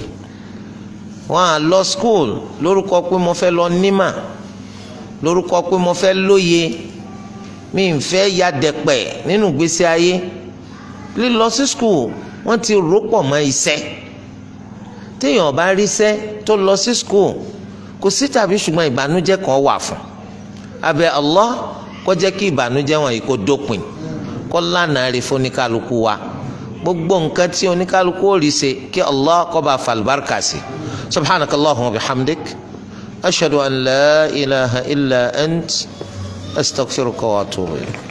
wọn à lọ school lórúkọ pé mo fẹ́ lọ nímà lórúkọ pé mo fẹ́ lóye mi ń fẹ́ ya dẹ̀pẹ̀ nínú ìgbésí ayé lílọ sí skul wọ́n ti rọ́pọ̀ mọ́ iṣẹ́ téèyàn bá ríṣẹ́ tó lọ sí skul kò sí tàbí ṣùgbọ́n ìbànújẹ́ kan wà fún abẹ́ Allah kó jẹ́ kí ìbànújẹ́ wọn yìí kó dópin kó lánàá rí fún oníkálukú wa gbogbo nǹkan tí oníkálukú ò rí ṣe kí Allah kó bá falùbáríkà sí subhanakallahumma wa bihamdik. أشهد أن لا إله إلا أنت أستغفرك وأتوب إليك